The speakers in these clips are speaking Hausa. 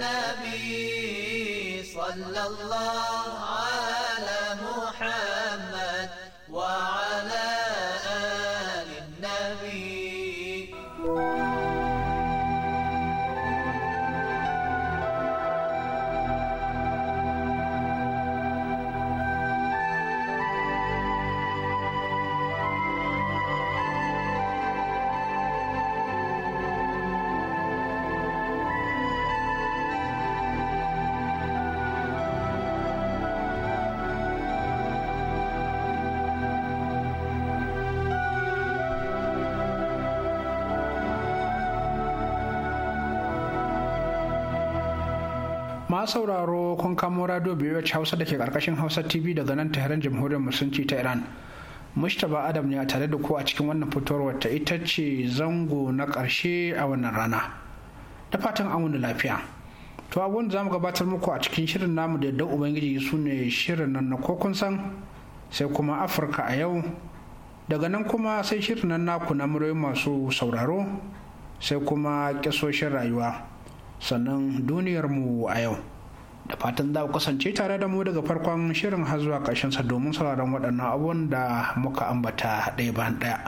النبي صلى الله sauraro kun kamo radio biyu hausa da ke karkashin hausa tv daga nan tahiran jamhuriyar musulunci ta iran mustapha adam ne a tare da ku a cikin wannan fitowar wata ita ce zango na karshe a wannan rana da fatan an wani lafiya to abun da zamu gabatar muku a cikin shirin namu da yadda ubangiji su ne shirin nan na kun san sai kuma afirka a yau daga nan kuma sai shirin nan naku na muryoyin masu sauraro sai kuma kyasoshin rayuwa sannan duniyarmu a yau da fatan za ku kasance tare da mu daga farkon shirin har zuwa sa domin sauraron waɗannan abubuwan da muka ambata ɗaya bayan ɗaya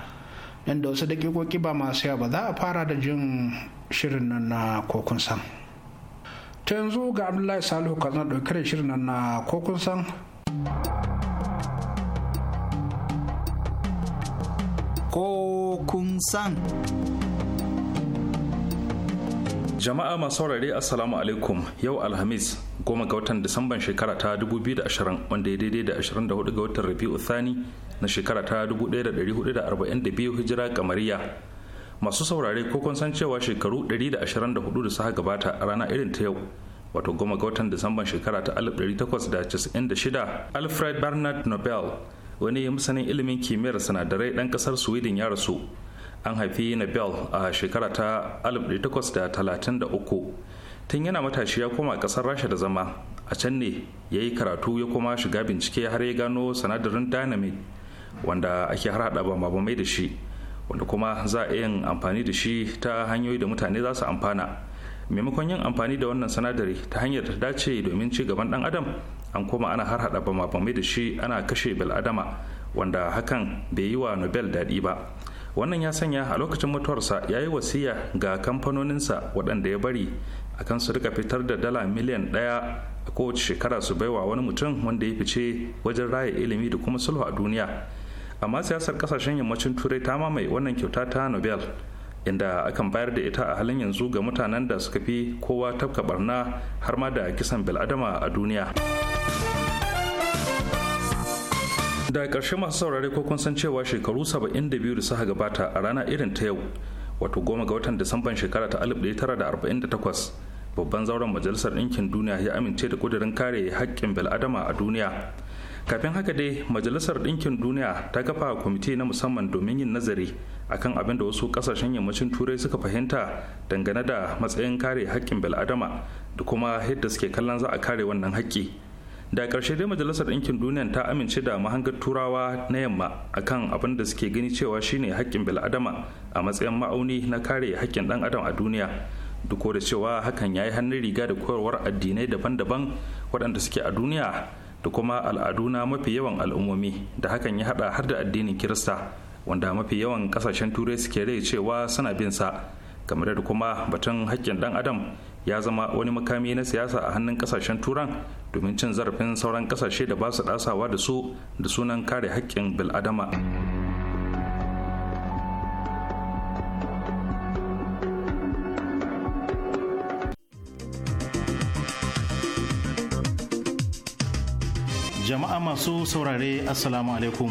nan da wasu daƙiƙoƙi ba masu yawa ba za a fara da jin shirin nan na kokun san ta yanzu ga abdullahi salihu katsina ɗauke da shirin nan na kokun san kokun san jama'a masu saurare assalamu alaikum yau alhamis goma ga watan disamban shekara ta 2020 wanda ya daidai da 24 ga watan rabi'u thani na shekara ta 1442 hijira kamariya masu saurare ko kun san cewa shekaru 124 da suka gabata a rana irin ta yau wato goma ga watan disamban shekara ta 1896 alfred bernard nobel wani masanin ilimin kimiyyar sinadarai dan kasar sweden ya rasu an haifi nobel a shekara ta 1833 tun yana matashi ya koma kasar rasha da zama a can ne ya yi karatu ya kuma shiga bincike har ya gano sanadarin dynamite wanda ake har hada mai da shi wanda kuma za a yin amfani da shi ta hanyoyi da mutane za su amfana maimakon yin amfani da wannan sanadari ta hanyar da dace domin ci gaban dan adam an koma ana har hada mai da shi ana kashe bil'adama wanda hakan bai yi wa nobel daɗi ba wannan ya sanya a lokacin mutuwarsa ya yi wasiya ga kamfanoninsa waɗanda ya bari akan su rika fitar da dala miliyan ɗaya a kowace shekara su baiwa wani mutum wanda ya fice wajen raya ilimi da kuma sulhu a duniya amma siyasar kasashen yammacin turai ta mamaye wannan kyauta ta nobel inda akan bayar da ita a halin yanzu ga mutanen da suka fi kowa tafka barna har ma da kisan bil'adama a duniya da ƙarshe masu saurare ko kun san cewa shekaru 72 da suka gabata a rana irin ta yau wato goma ga watan disamban shekara ta 1948 babban zauren majalisar ɗinkin duniya ya amince da ƙudurin kare haƙƙin bil'adama a duniya kafin haka dai majalisar ɗinkin duniya ta kafa kwamiti na musamman domin yin nazari akan abin da wasu ƙasashen yammacin turai suka fahimta dangane da matsayin kare haƙƙin bil'adama da kuma yadda suke kallon za a kare wannan haƙƙi da ƙarshe dai majalisar ɗinkin duniya ta amince da mahangar turawa na yamma akan abin da suke gani cewa shine haƙƙin bil'adama a matsayin ma'auni na kare haƙƙin ɗan adam a duniya duk da cewa hakan ya yi hannun riga da koyarwar addinai daban-daban waɗanda suke a duniya da kuma al'adu na mafi yawan al'ummomi da hakan ya haɗa har da addinin kirista wanda mafi yawan ƙasashen turai suke rai cewa suna bin sa kamar da kuma batun haƙƙin ɗan adam ya zama wani makami na siyasa a hannun kasashen turan domin cin zarafin sauran kasashe da ba su dasawa da su da sunan kare haƙƙin bil'adama jama'a masu saurare assalamu alaikum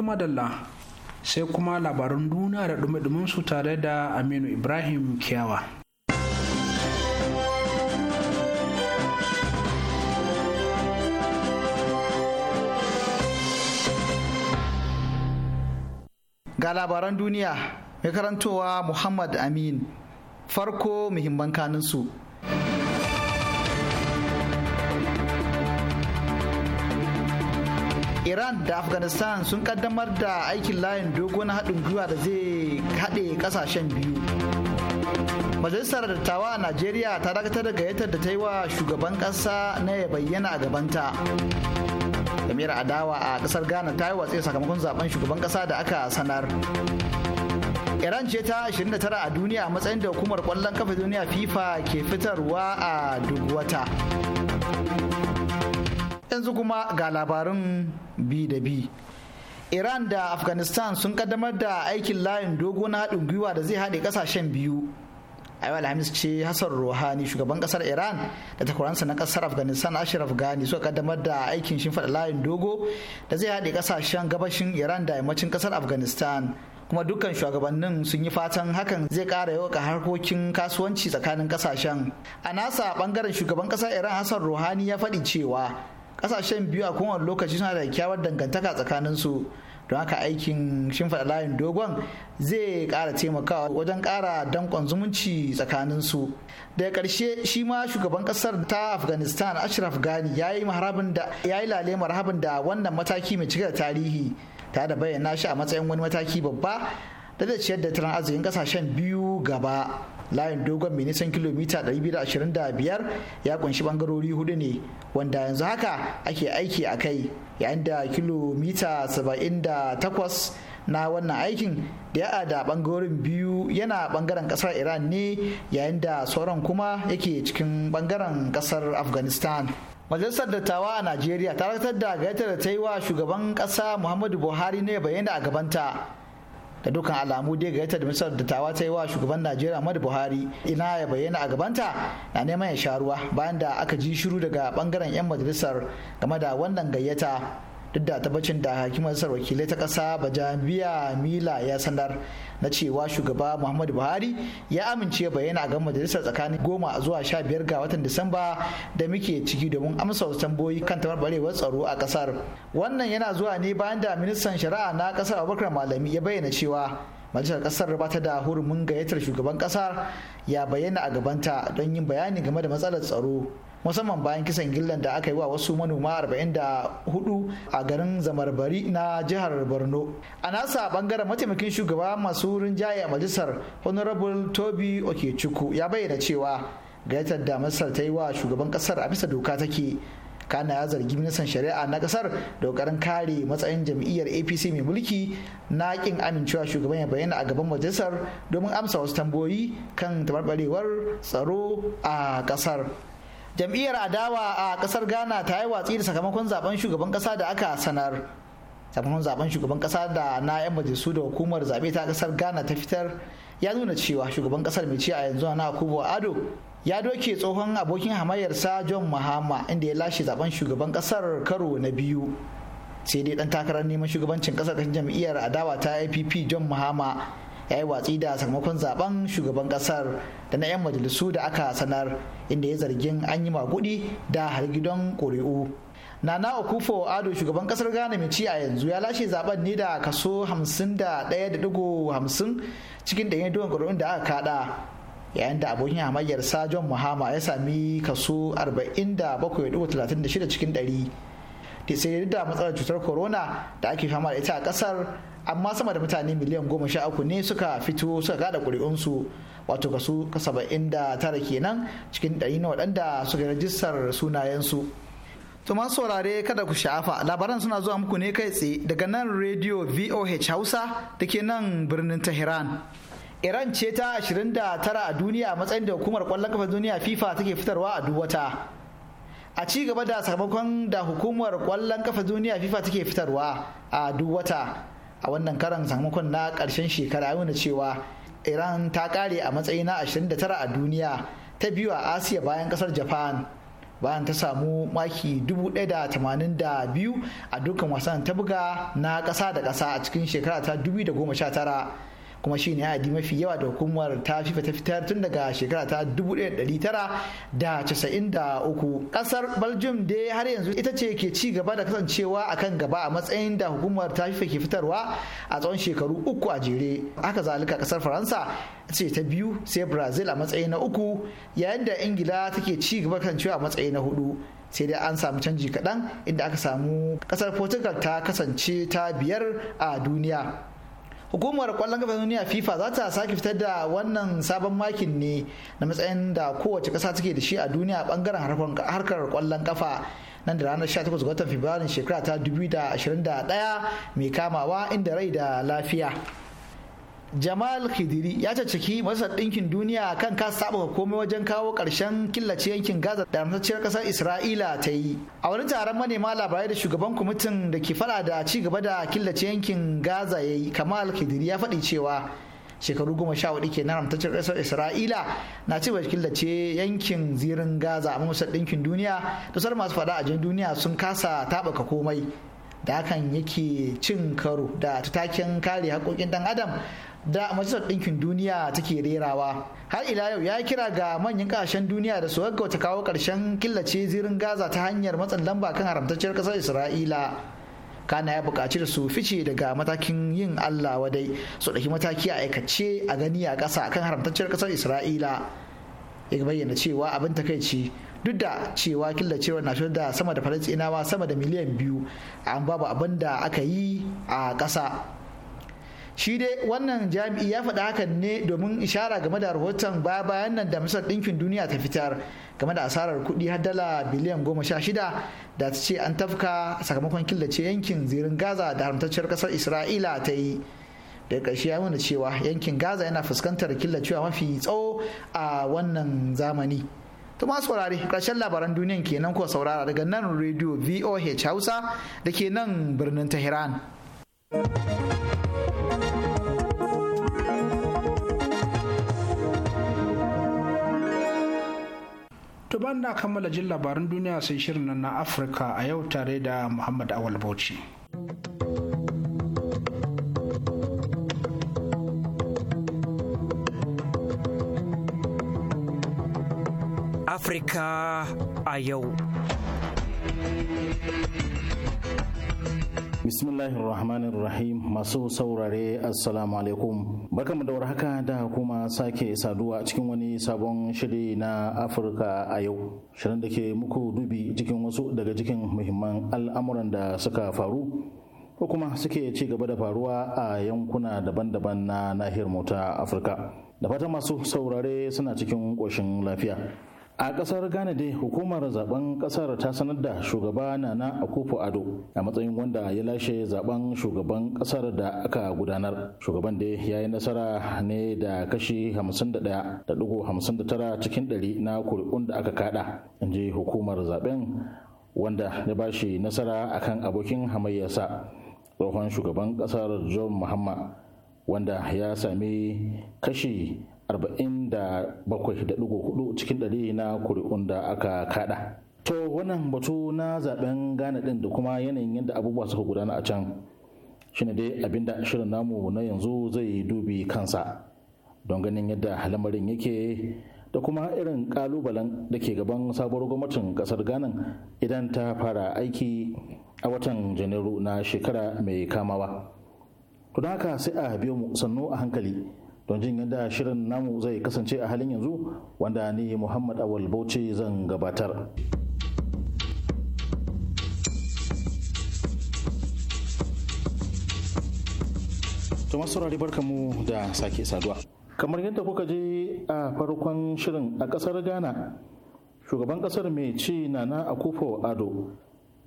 to madalla sai kuma labarun duniya da dumi su tare da aminu ibrahim kiyawa ga labaran duniya mai karantowa muhammad amin farko muhimman kaninsu iran da afghanistan sun kaddamar da aikin layin dogo na haɗin gwiwa da zai haɗe ƙasashen biyu majalisar dattawa a najeriya ta dakatar da gayyatar da ta yi wa shugaban ƙasa na ya bayyana a gabanta jami'ar adawa a ƙasar ghana ta yi watsi sakamakon zaben shugaban ƙasa da aka sanar iran ce ta 29 a duniya a matsayin da hukumar kwallon kafa duniya fifa ke fitarwa a duk wata yanzu kuma ga labarin bi da bi iran da afghanistan sun kaddamar da aikin layin dogo na haɗin gwiwa da zai haɗe ƙasashen biyu ayo alhamis ce hassan ruhani shugaban kasar iran da takwaransa na ƙasar afghanistan ashraf ghani suka kaddamar da aikin faɗa layin dogo da zai haɗe ƙasashen gabashin iran da yammacin ƙasar afghanistan kuma dukkan shugabannin sun yi fatan hakan zai ƙara yawaka harkokin kasuwanci tsakanin kasashen a nasa bangaren shugaban ƙasar iran hassan ruhani ya faɗi cewa kasashen biyu a kowane lokaci suna da kyawar dangantaka tsakanin su don haka aikin shimfiɗa layin dogon zai kara taimakawa wajen kara dankon zumunci tsakanin su daga ƙarshe shi ma shugaban ƙasar ta afghanistan ashraf ghani ya yi lale marhabin da wannan mataki mai cike da tarihi Ta da bayyana shi a matsayin wani mataki babba da da ciyar da tattalin arzikin ƙasashen biyu gaba layin dogon mai nisan kilomita 225 ya kunshi bangarori hudu ne wanda yanzu haka ake aiki a kai yayin da kilomita 78 na wannan aikin da ya da bangarorin biyu yana bangaren kasar iran ne yayin da sauran kuma yake cikin bangaren kasar afghanistan majalisar dattawa a najeriya ta da gayyatar da ta yi wa shugaban kasa muhammadu buhari ne bayyana a gabanta da dukkan alamu dai gayyatar da misal da tawa ta yi wa shugaban najeriya madu buhari ina ya bayyana a gabanta na neman ya sha ruwa bayan da aka ji shiru daga bangaren 'yan majalisar game da wannan gayyata duk da tabbacin da hakimar sar wakilai ta kasa jami'a mila ya sanar na cewa shugaba muhammadu buhari ya amince bayyana a ga majalisar tsakanin goma zuwa sha biyar ga watan disamba da muke ciki domin amsa wasu tamboyi kan tabarbarewar tsaro a kasar wannan yana zuwa ne bayan da ministan shari'a na kasar abubakar malami ya bayyana cewa majalisar kasar ba ta da hurumin gayyatar shugaban kasar ya bayyana a gabanta don yin bayani game da matsalar tsaro musamman bayan kisan gillan da aka yi wa wasu manoma 44 a garin zamarbari na jihar borno a nasa bangaren mataimakin shugaba masu rinjaye a majalisar honorable toby okechukwu ya bayyana cewa gayyatar da masar ta yi wa shugaban kasar a bisa doka take kana ya zargi ministan shari'a na kasar da kokarin kare matsayin jam'iyyar apc mai mulki na kin amincewa shugaban ya bayyana a gaban majalisar domin amsa wasu tambayoyi kan tabarbarewar tsaro a kasar jam'iyyar adawa a kasar ghana ta yi watsi da sakamakon zaben shugaban kasa da aka sanar sakamakon zaben shugaban kasa da na 'yan majalisu da hukumar zaɓe ta kasar ghana ta fitar ya nuna cewa shugaban kasar mai ci a yanzu na akubo ado ya doke tsohon abokin hamayyarsa john mahama inda ya lashe zaben shugaban kasar karo na biyu sai dai dan takarar neman shugabancin kasar jam'iyyar adawa ta app john mahama ya yi watsi da sakamakon zaben shugaban kasar da na 'yan majalisu da aka sanar inda ya zargin an yi magudi da hargidon ƙuri'u nana okufo ado shugaban kasar ghana mai ci a yanzu ya lashe zaben ne da kaso 51.50 cikin ɗanyen duwan ƙuri'un da aka kada yayin da abokin sa john mahama ya sami kaso 47.36 cikin 100 sai da matsalar cutar corona da ake fama da ita a kasar amma sama da mutane miliyan goma sha uku ne suka fito suka gada ƙuri'unsu wato kaso saba'in da tara kenan cikin ɗari na waɗanda suka rajistar sunayensu. To masu saurare kada ku sha'afa labaran suna zuwa muku ne kai tsaye daga nan rediyo VOH Hausa da ke nan birnin Tehran. Iran ce ta 29 a duniya a matsayin da hukumar kwallon kafa duniya FIFA take fitarwa a duk A ci gaba da sakamakon da hukumar kwallon kafa duniya FIFA take fitarwa a duwata. a wannan karan sakamakon na karshen shekara ya nuna cewa iran ta kare a matsayi na 29 a duniya ta biyu a asiya bayan kasar japan bayan ta samu maki 1,082 a dukkan wasan ta buga na kasa da kasa a cikin shekara ta 2019 kuma shi ne adi mafi yawa da hukumar ta fifa ta fitar tun daga shekara ta 1993 kasar belgium dai har yanzu ita ce ke ci gaba da kasancewa a kan gaba a matsayin da hukumar ta fifa ke fitarwa a tsawon shekaru uku a jere haka zalika kasar faransa ce ta biyu sai brazil a matsayi na uku yayin da ingila take ci gaba kasancewa a matsayi na hudu sai dai an samu canji kaɗan inda aka samu ƙasar portugal ta kasance ta biyar a duniya hukumar kwallon kafa duniya fifa za ta sake fitar da wannan sabon makin ne na matsayin da kowace ƙasa take da shi a duniya a bangaren harkar kwallon kafa nan da ranar 18 ga watan shekara ta 2021 mai kamawa inda rai da lafiya jamal khidiri ya caccaki masar ɗinkin duniya kan ka saba komai wajen kawo ƙarshen killace yankin gaza da rantacciyar ƙasar isra'ila ta yi a wani taron manema labarai da shugaban kwamitin da ke fada da ci gaba da killace yankin gaza ya yi kamal khidiri ya faɗi cewa shekaru goma sha hudu ke na rantacciyar ƙasar isra'ila na ci gaba killace yankin zirin gaza a masa ɗinkin duniya da masu fada a duniya sun kasa taɓaka komai da hakan yake cin karo da taken kare haƙoƙin ɗan adam da majalisar ɗinkin duniya take rerawa har ila yau ya kira ga manyan ƙasashen duniya da su gaggauta kawo ƙarshen killace zirin gaza ta hanyar matsan lamba kan haramtacciyar ƙasar isra'ila kana ya buƙaci da su fice daga matakin yin allah wadai su ɗauki mataki a aikace a gani a ƙasa kan haramtacciyar ƙasar isra'ila ya bayyana cewa abin takaici duk da cewa killacewar na da sama da falasɗinawa sama da miliyan biyu an babu abin da aka yi a ƙasa shi dai wannan jami'i ya faɗa hakan ne domin ishara game da rahoton baya bayan nan da masar ɗinkin duniya ta fitar game da asarar kuɗi har dala biliyan goma sha shida da ta ce an tafka sakamakon killace yankin zirin gaza da haramtacciyar ƙasar isra'ila ta yi da ƙarshe ya nuna cewa yankin gaza yana fuskantar killacewa mafi tsawo a wannan zamani to ma saurare ƙarshen labaran duniyan kenan ko saurara daga nan rediyo voh hausa da ke nan birnin tehran ban na kammala jin labarin duniya sai shirin nan na afirka a yau tare da muhammad awal bauchi afirka a yau rahim masu saurare assalamu alaikum. Barkamu da warhaka da kuma sake saduwa cikin wani sabon shiri na Afirka a yau. Shirin da ke muku dubi cikin wasu daga cikin muhimman al'amuran da suka faru ko kuma suke ci gaba da faruwa a yankuna daban-daban na nahiyar mota Afirka. Da fatan masu saurare suna cikin ƙoshin lafiya. a ƙasar ghana dai hukumar zaben ƙasar ta sanar da shugaba nana akufo ado a matsayin wanda ya lashe zaben shugaban ƙasar da aka gudanar shugaban dai ya yi nasara ne da kashi 51.59 cikin ɗari na kuri'un da aka kada in ji hukumar zaben wanda ya ba shi nasara akan abokin hamayyarsa tsohon shugaban ƙasar john muhammad wanda ya sami kashi 47.4 cikin ɗari na kuri'un da aka kada. To wannan batu na zaben gane din da kuma yanayin yadda abubuwa suka gudana a can shi ne dai abinda shirin namu na yanzu zai dubi kansa don ganin yadda lamarin yake da kuma irin kalubalen da ke gaban sabuwar gwamnatin kasar Ghana idan ta fara aiki a watan Janairu na shekara mai kamawa. Don haka sai a biyo mu sannu a hankali. don jin yadda shirin namu zai kasance a halin yanzu wanda ni muhammad awal bauchi zan gabatar saurari barka mu da sake saduwa kamar yadda kuka je a farkon shirin a kasar ghana shugaban kasar mai ci nana akufo ado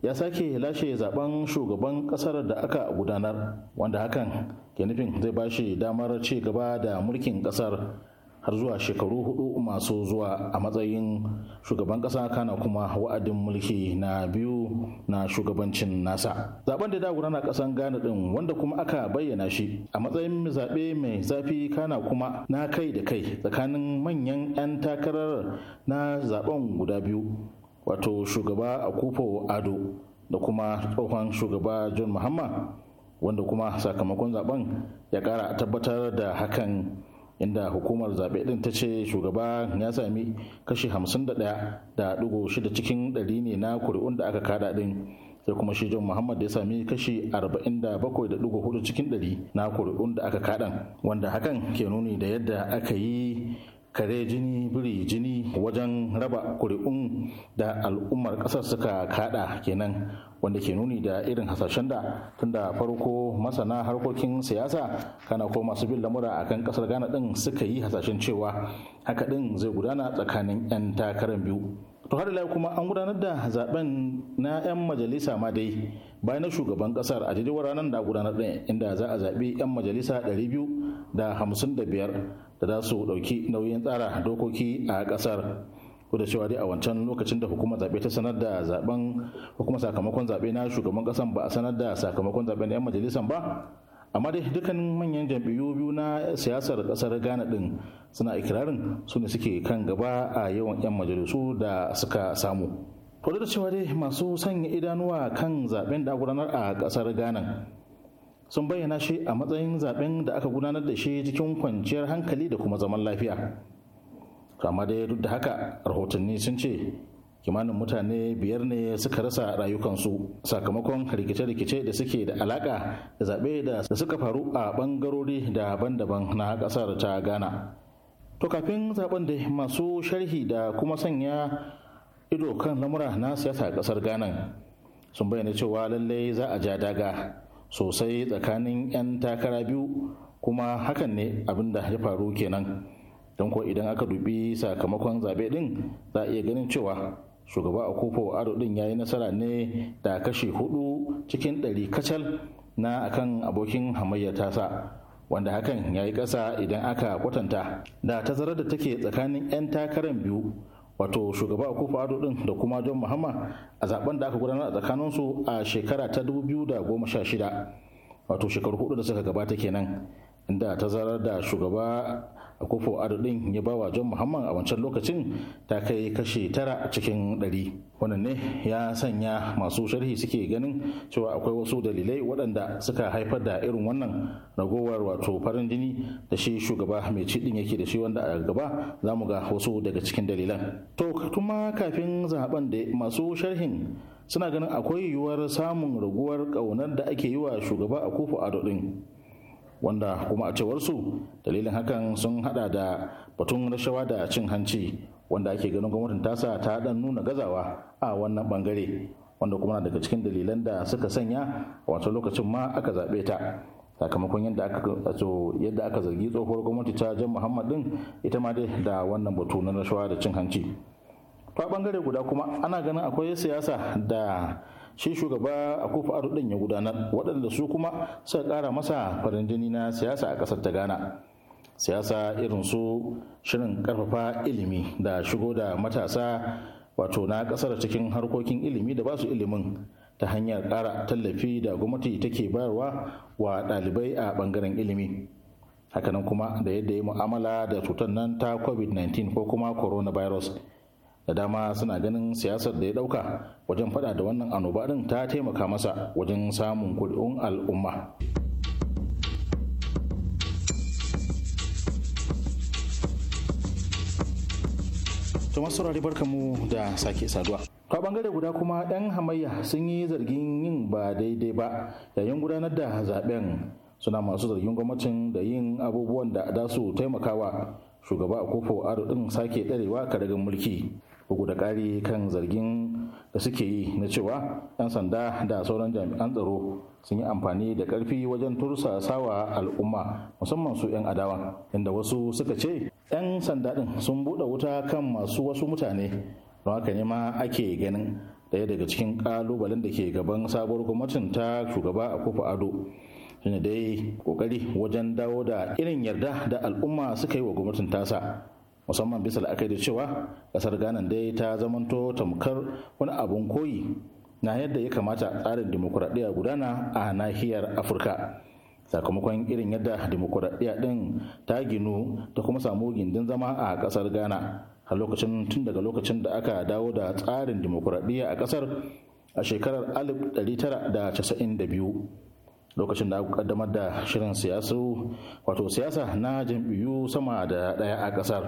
ya sake lashe zaben shugaban kasar da aka gudanar wanda hakan ke nufin zai ba shi damar ci gaba da mulkin kasar har zuwa shekaru hudu masu zuwa a matsayin shugaban kasa kana kuma wa'adin mulki na biyu na shugabancin nasa zaben da da na kasan ghana din wanda kuma aka bayyana shi a matsayin zaɓe mai zafi kana kuma na kai da kai tsakanin manyan 'yan takarar na zaben guda biyu wato shugaba akufo ado da kuma tsohon shugaba john muhammad wanda kuma sakamakon zaben ya kara tabbatar da hakan inda hukumar zaɓe ɗin ta ce shugaba ya sami kashi 51.6 cikin ɗari ne na kuri'un da aka kada ɗin sai kuma shi john muhammad ya sami kashi 47.4 cikin ɗari na kuri'un da aka kaɗan wanda hakan ke nuni da yadda aka yi kare jini biri jini wajen raba kuri'un da al'ummar ƙasar suka kada kenan wanda ke nuni da irin hasashen da tun da farko masana harkokin siyasa kana ko masu bin lamura a kan ƙasar ghana ɗin suka yi hasashen cewa haka ɗin zai gudana tsakanin 'yan takarar biyu to har kuma an gudanar da zaben na 'yan majalisa ma dai bayan na shugaban kasar a daidai ranar da gudanar ɗaya inda za a zaɓi 'yan majalisa 255 da za su ɗauki nauyin tsara dokoki a ƙasar. da cewa dai a wancan lokacin da hukumar zaɓe ta sanar da zaben kuma sakamakon zaɓe na shugaban ƙasar ba a sanar da sakamakon zaɓen da 'yan majalisa ba amma dai dukkan manyan jam'iyyu biyu na siyasar ƙasar ghana ɗin suna ikirarin su ne suke kan gaba a yawan 'yan majalisu da suka samu kudu da cewa dai masu sanya idanuwa kan zaben da gudanar a kasar ghana sun bayyana shi a matsayin zaben da aka gudanar da shi cikin kwanciyar hankali da kuma zaman lafiya amma dai duk da haka rahotanni sun ce kimanin mutane biyar ne suka rasa rayukansu sakamakon rikice-rikice da suke da alaka da zaɓe da suka faru a ɓangarori daban-daban na ƙasar ta ghana to kafin zaɓen da masu sharhi da kuma sanya ido kan lamura na siyasa a kasar ghana sun bayyana cewa lallai za a ja daga sosai tsakanin 'yan takara biyu kuma hakan ne abin da ya faru kenan don ko idan aka dubi sakamakon zaɓe din za a iya ganin cewa shugaba a kofo ado ɗin ya yi nasara ne da kashi hudu cikin ɗari kacal na akan abokin hamayyar tasa wanda hakan ya yi ƙasa idan aka kwatanta da tazarar da take tsakanin 'yan takarar biyu wato shugaba kofa ado din da kuma john mahama a zaben da aka gudanar a tsakaninsu a shekara ta 2016 wato shekaru hudu da suka gabata kenan inda ta zarar da shugaba da kofo ado din ya bawa john muhammad a wancan lokacin ta kai kashe tara cikin ɗari wannan ne ya sanya masu sharhi suke ganin cewa akwai wasu dalilai waɗanda suka haifar da irin wannan ragowar wato farin jini da shi shugaba mai ci din yake da shi wanda a gaba za mu ga wasu daga cikin dalilan to kuma kafin zaben da masu sharhin suna ganin akwai yiwuwar samun raguwar ƙaunar da ake yi wa shugaba a kofo ado wanda kuma a cewar su dalilin hakan sun hada da batun rashawa da cin hanci wanda ake ganin gwamnatin tasa ta dan nuna gazawa a wannan bangare wanda kuma na daga cikin dalilan da suka sanya a wancan lokacin ma aka zaɓe ta sakamakon yadda aka yadda aka zargi tsohuwar gwamnati ta jan muhammad din ita ma dai da wannan batu na rashawa da cin hanci ta bangare guda kuma ana ganin akwai siyasa da shi shugaba a kofa ado ɗin ya gudanar waɗanda su kuma suka ƙara masa farin jini na siyasa a ƙasar ta ghana siyasa irin su shirin ƙarfafa ilimi da shigo da matasa wato na ƙasar cikin harkokin ilimi da basu ilimin ta hanyar ƙara tallafi da gwamnati take bayarwa wa ɗalibai a ɓangaren ilimi hakanan kuma da yadda ya mu'amala da cutar nan ta covid-19 ko kuma coronavirus da dama suna ganin siyasar da ya dauka wajen fada da wannan annoba din ta taimaka masa wajen samun kuri'un al'umma to saurari barka mu da sake saduwa ta bangare guda kuma 'yan hamayya sun yi zargin yin ba daidai ba yayin gudanar da zaben suna masu zargin gwamnatin da yin abubuwan da za su taimakawa shugaba a kofo aro din sake ɗarewa karagan mulki bugu da ƙari kan zargin da suke yi na cewa 'yan sanda da sauran jami'an tsaro sun yi amfani da ƙarfi wajen tursasawa al'umma musamman su 'yan adawa inda wasu suka ce 'yan sanda ɗin sun buɗe wuta kan masu wasu mutane don haka ne ma ake ganin ɗaya daga cikin ƙalubalen da ke gaban sabuwar gwamnatin ta shugaba a kofa ado shine dai kokari wajen dawo da irin yarda da al'umma suka yi wa gwamnatin tasa musamman bisa da cewa kasar ghana dai ta zamanto tamkar wani abun koyi na yadda ya kamata tsarin dimokuraɗiyya gudana a nahiyar afirka sakamakon irin yadda dimokuraɗiyya ɗin ta ginu ta kuma samu gindin zama a ƙasar ghana a lokacin tun daga lokacin da aka dawo da tsarin dimokuraɗiyya a ƙasar a shekarar 1992 lokacin da aka kaddamar da shirin siyasu wato siyasa na jam'iyyu sama da ɗaya a ƙasar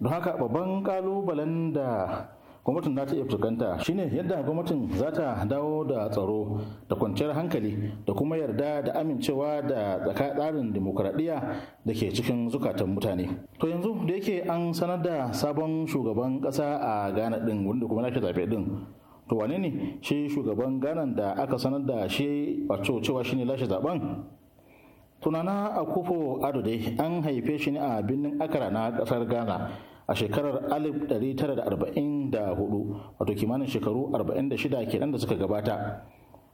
don haka babban kalubalen da gwamnatin za ta iya fuskanta shine yadda gwamnatin za ta dawo da tsaro da kwanciyar hankali da kuma yarda da amincewa da tsaka tsarin dimokuraɗiyya da ke cikin zukatan mutane to yanzu da yake an sanar da sabon shugaban ƙasa a ghana ɗin wanda kuma na zaɓe ɗin to wane ne shi shugaban ganan da aka sanar da shi wato cewa shine lashe zaben tunana a kufo ado dai an haife shi ne a birnin akara na kasar ghana a shekarar 1944 wato kimanin shekaru 46 kenan da suka gabata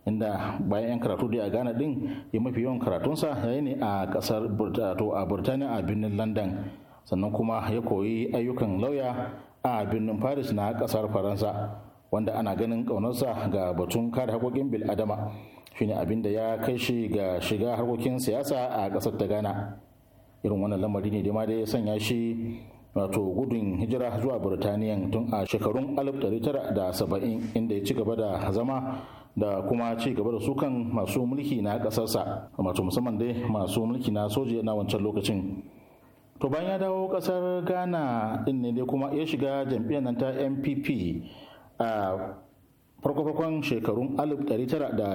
inda bayan 'yan karatu dai a ghana din ya mafi yawan karatunsa yayi ne a kasar a burtaniya a birnin london sannan kuma ya koyi ayyukan lauya a birnin paris na kasar faransa wanda ana ganin kaunarsa ga batun kare haƙoƙin bil'adama shine abin da ya kai shi ga shiga harkokin siyasa a ƙasar ta ghana irin wannan lamari ne da ma da ya sanya shi wato gudun hijira zuwa burtaniya tun a shekarun 1970 inda ya ci gaba da zama da kuma ci gaba da sukan masu mulki na ƙasarsa wato musamman dai masu mulki na soji na wancan lokacin to bayan ya dawo kasar ghana din ne dai kuma ya shiga jam'iyyar nan ta npp a farko-farkon shekarun 1990 a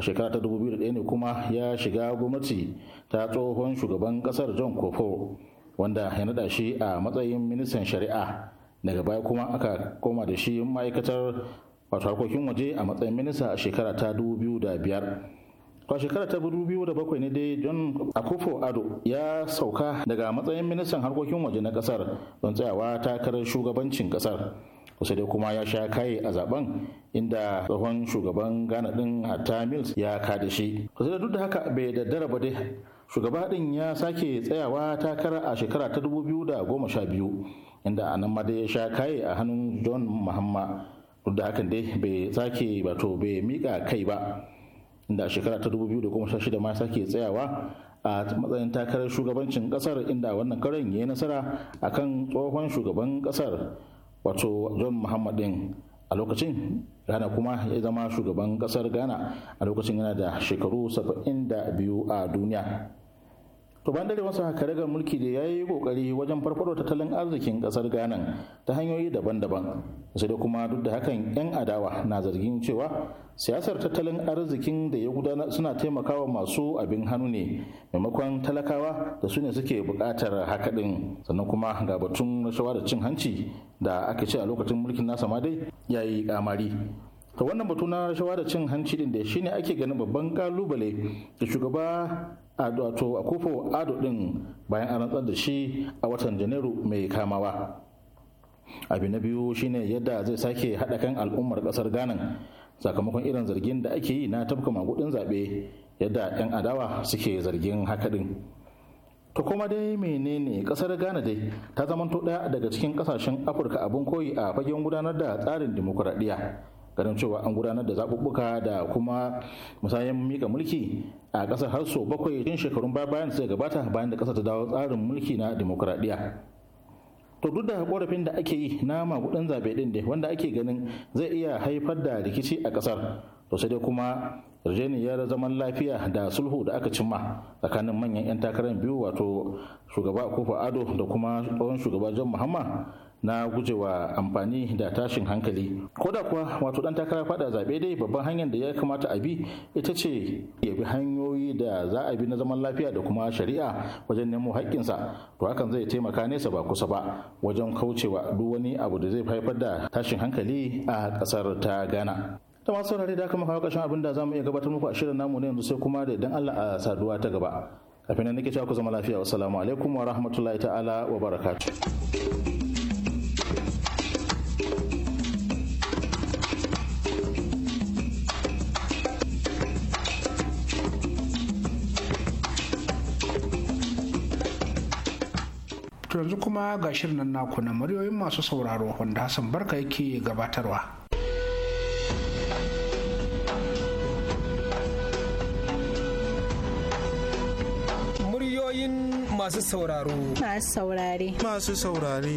shekara ta 2001 ne kuma ya shiga gwamnati ta tsohon shugaban kasar john kofo wanda ya nada shi a matsayin ministan shari'a daga baya kuma aka koma da shi ma'aikatar wato harkokin waje a matsayin minista a shekara ta 2005 a shekara ta bakwai ne dai john akufo ado ya sauka daga matsayin ministan harkokin waje na kasar don tsayawa takarar shugabancin kasar sai dai kuma ya sha kai a zaben inda tsohon shugaban ghana din hatta mills ya kada shi sai duk da haka bai daddara ba dai shugaba din ya sake tsayawa takara a shekara ta 2012 inda a nan ma dai ya sha kai a hannun john mahamma duk da hakan dai bai sake bato bai mika kai ba inda a shekara ta 2016 ma sake tsayawa a matsayin takarar shugabancin kasar inda wannan karon ya yi nasara akan tsohon shugaban kasar wato john muhammad din a lokacin ghana kuma ya zama shugaban kasar ghana a lokacin yana da shekaru 72 a duniya to ban dare masa karagar mulki da ya yi kokari wajen farfado tattalin arzikin kasar ghana ta hanyoyi daban-daban sai da kuma duk da hakan 'yan adawa na zargin cewa siyasar tattalin arzikin da ya gudana suna taimakawa masu abin hannu ne maimakon talakawa da su ne suke haka din sannan kuma ga batun rashawa da cin hanci da aka ce a lokacin mulkin nasa ma dai ya yi kamari to wannan batu na rashawa da cin hanci din da shine ake ganin babban kalubale da shugaba wato a kofo ado din bayan an rantsar da shi a watan janairu mai kamawa abu na biyu shine yadda zai sake haɗa kan al'ummar ƙasar ghana sakamakon irin zargin da ake yi na tafka magudin zaɓe yadda 'yan adawa suke zargin haka din to kuma dai menene ƙasar ghana dai ta zamanto ɗaya daga cikin ƙasashen afirka abin koyi a fagen gudanar da tsarin dimokuraɗiyya ganin cewa an gudanar da zaɓuɓɓuka da kuma musayen mika mulki a ƙasar har sau bakwai tun shekarun baya bayan suka gabata bayan da ƙasar ta dawo tsarin mulki na demokuraɗiyya to duk da korafin da ake yi na maguɗin zaɓe ɗin da wanda ake ganin zai iya haifar da rikici a ƙasar to sai dai kuma yarjejeniyar zaman lafiya da sulhu da aka cimma tsakanin manyan 'yan takarar biyu wato shugaba kofa ado da kuma tsohon shugaba john muhammad na gujewa amfani da tashin hankali ko da kuwa wato dan takara fada zabe dai babban hanyar da ya kamata a bi ita ce ya bi hanyoyi da za a bi na zaman lafiya da kuma shari'a wajen nemo haƙƙinsa to hakan zai taimaka nesa ba kusa ba wajen kaucewa duk wani abu da zai haifar da tashin hankali a ƙasar ta ghana Ta masu saurari da kuma kawo ƙarshen abin da za mu iya gabatar muku a shirin namu ne yanzu sai kuma da idan allah a saduwa ta gaba kafin nan nake cewa ku zama lafiya wassalamu alaikum wa rahmatullahi ta'ala wa barakatuh yanzu kuma ga shirin nan na na muryoyin masu sauraro wanda Hassan Barka yake gabatarwa. Muryoyin masu sauraro. Masu saurare. Masu saurare.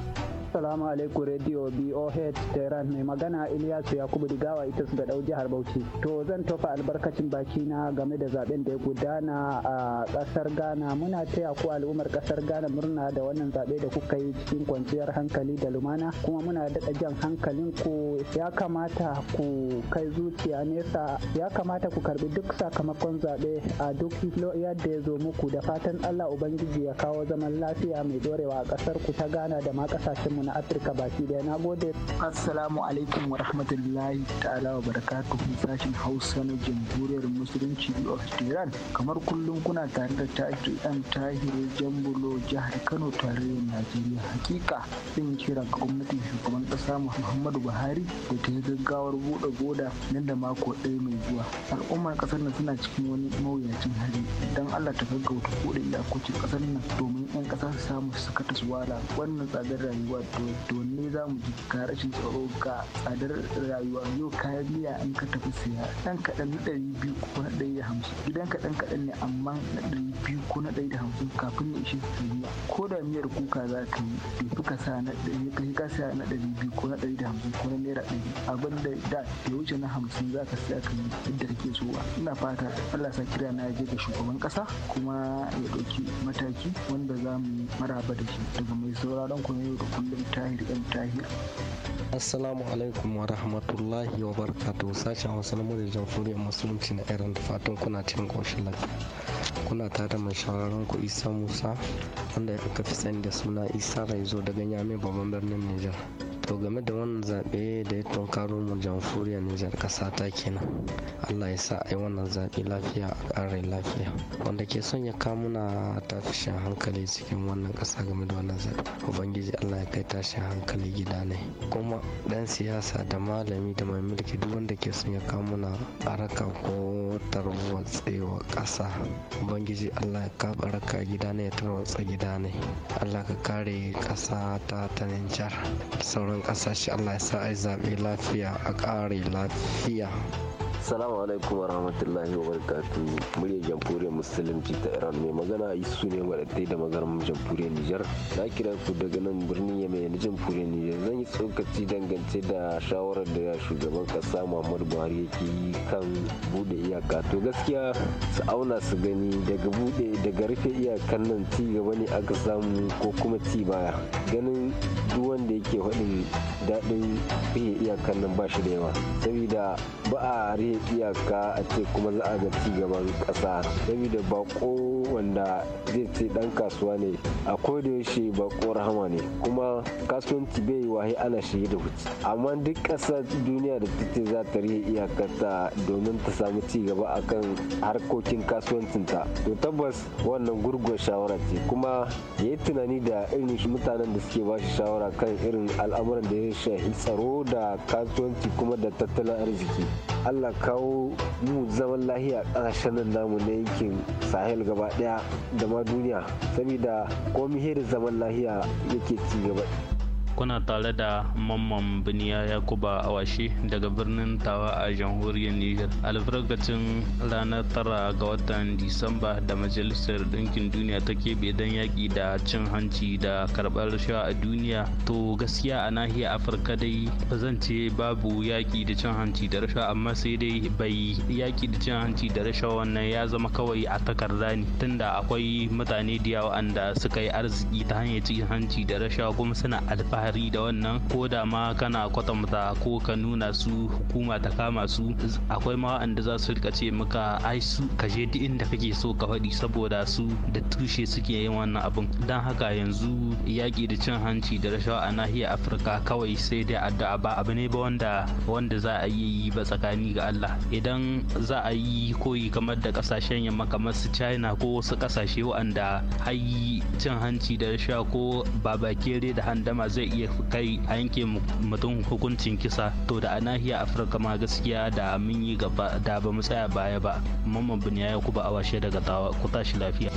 Assalamu alaikum Radio BOH Tehran mai magana Ilyasu Yakubu Digawa ita su dau jihar Bauchi. To zan tofa albarkacin baki na game da zaben da ya gudana a kasar Ghana. Muna taya ku al'ummar kasar Ghana murna da wannan zabe da kuka yi cikin kwanciyar hankali da lumana kuma muna daɗa jan hankalin ku ya kamata ku kai zuciya nesa ya kamata ku karbi duk sakamakon zabe a duk yadda ya zo muku da fatan Allah Ubangiji ya kawo zaman lafiya mai dorewa a kasar ku ta Ghana da ma kasashen mu na Afirka baki daya. Na gode. Assalamu alaikum wa rahmatullahi ta'ala wa barakatuhu sashen Hausa na Jamhuriyar Musulunci of Tehran. Kamar kullum kuna tare da Tahir M Tahir Jambulo jihar Kano tarayyar Najeriya. Hakika zan kira ga gwamnatin shugaban ƙasa Muhammadu Buhari da ta yi gaggawar buɗe goda nan da mako ɗaya mai zuwa. Al'ummar ƙasar nan suna cikin wani mawuyacin hali. Dan Allah ta gaggauta buɗe iyakokin ƙasar nan domin 'yan ƙasa su samu su ta su wala wannan tsadar rayuwa Eh, to ne za mu ji ka rashin tsaro ga tsadar rayuwa yau kayan miya in ka tafi siya dan kaɗan na ɗari biyu ko na ɗari da hamsin gidan kaɗan kaɗan ne amma na ɗari biyu ko na ɗari da hamsin kafin ya ishe su miya ko da miyar kuka za ka yi to fi ka sa na ɗari ka ka siya na ɗari biyu ko na ɗari da hamsin ko na naira ɗari abin da da ya wuce na hamsin za ka siya ka yi yadda kake so ba ina fata Allah sa kira na je ga shugaban ƙasa kuma ya ɗauki mataki wanda za mu maraba da shi daga mai sauraron ku ne yau da kullum Tahir M Assalamu alaikum wa rahmatullahi wa barkatu sashen Hausa na jan jamhuriyar musulunci na Iran da fatan kuna cikin koshin lafiya. Kuna tare mai shawararren ku Isa Musa wanda ya fi sani da suna Isa Raizo daga yami babban birnin Nijar. to game da wannan zaɓe da ya tunkaro mu jamhuriya nijar ƙasa ta kenan allah ya sa ai wannan zaɓe lafiya a ƙarai lafiya wanda ke son ya kawo muna tashin hankali cikin wannan ƙasa game da wannan zaɓe ubangiji allah ya kai tashin hankali gida ne kuma ɗan siyasa da malami da mai mulki duk wanda ke son ya kawo muna araka ko tsewa ƙasa ubangiji allah ya kawo araka gida ne ya tarwatsa gida ne allah ka kare ƙasa ta ta da sauran sauran kasashe allah ya sa ai zaɓe lafiya a ƙare lafiya salamu alaikum wa rahmatullahi wa barakatu muryar jamhuriyar musulunci ta Iran mai magana isu ne wadatai da magarin jamhuriyar Nijar. Na kira ku daga nan birnin Yame na jamhuriyar Nijar zan yi tsokaci dangance da shawarar da shugaban ƙasa Muhammadu Buhari yake yi kan bude iyaka. To gaskiya su auna su gani daga bude daga rufe iyakan nan ci gaba ne aka samu ko kuma ci baya. Ganin duk wanda yake faɗin daɗin biye iyakan nan ba shi da yawa saboda ba a rike iyaka a ce kuma za a ga ci gaban ƙasa saboda bako wanda zai ce dan kasuwa ne a koda yaushe ba hama ne kuma kasuwanci bai wahi ana shi da wuce amma duk kasa duniya da tace zata za ta rihe iyakarta domin ta samu ci gaba akan harkokin kasuwancinta to tabbas wannan gurguwar shawara ce kuma ya yi tunani da irin mutanen da suke ba shi shawara kan irin al'amuran da ya shahi tsaro da kasuwanci kuma da tattalin arziki allah kawo mu zaman lahiya ƙasashen nan namu na yankin sahel gaba ɗaya da ma duniya saboda komi da zaman lahiya yake ci gaba kuna tare da mamman biniya yakuba awashe daga birnin tawa a jamhuriyar niger albarkacin ranar tara ga watan disamba da majalisar ɗinkin duniya ta keɓe don yaƙi da cin hanci da karɓar sha a duniya to gaskiya a nahiyar afirka dai ba zan ce babu yaƙi da cin hanci da rasha amma sai dai bai yaƙi da cin hanci da rasha wannan ya zama kawai a takarda ne tunda akwai mutane da yawa suka yi arziki ta hanyar cin hanci da rasha kuma suna alfahari alfahari da wannan ko da ma kana kwatanta ko ka nuna su hukuma ta kama su akwai ma wa'anda za su rika ce maka ai su ka je duk inda kake so ka faɗi saboda su da tushe suke yin wannan abin don haka yanzu yaƙi da cin hanci da rashawa a nahiyar afirka kawai sai dai addu'a ba abu ne ba wanda wanda za a yi ba tsakani ga allah idan za a yi koyi kamar da kasashen yamma kamar su china ko wasu kasashe wa'anda hayi cin hanci da rashawa ko babakere da handama zai iya kai a yanke mutum hukuncin kisa to da a nahiyar afirka ma gaskiya da mun yi gaba da ba mu tsaya baya ba mamman biniya ya kuba awashe daga tawa ku tashi lafiya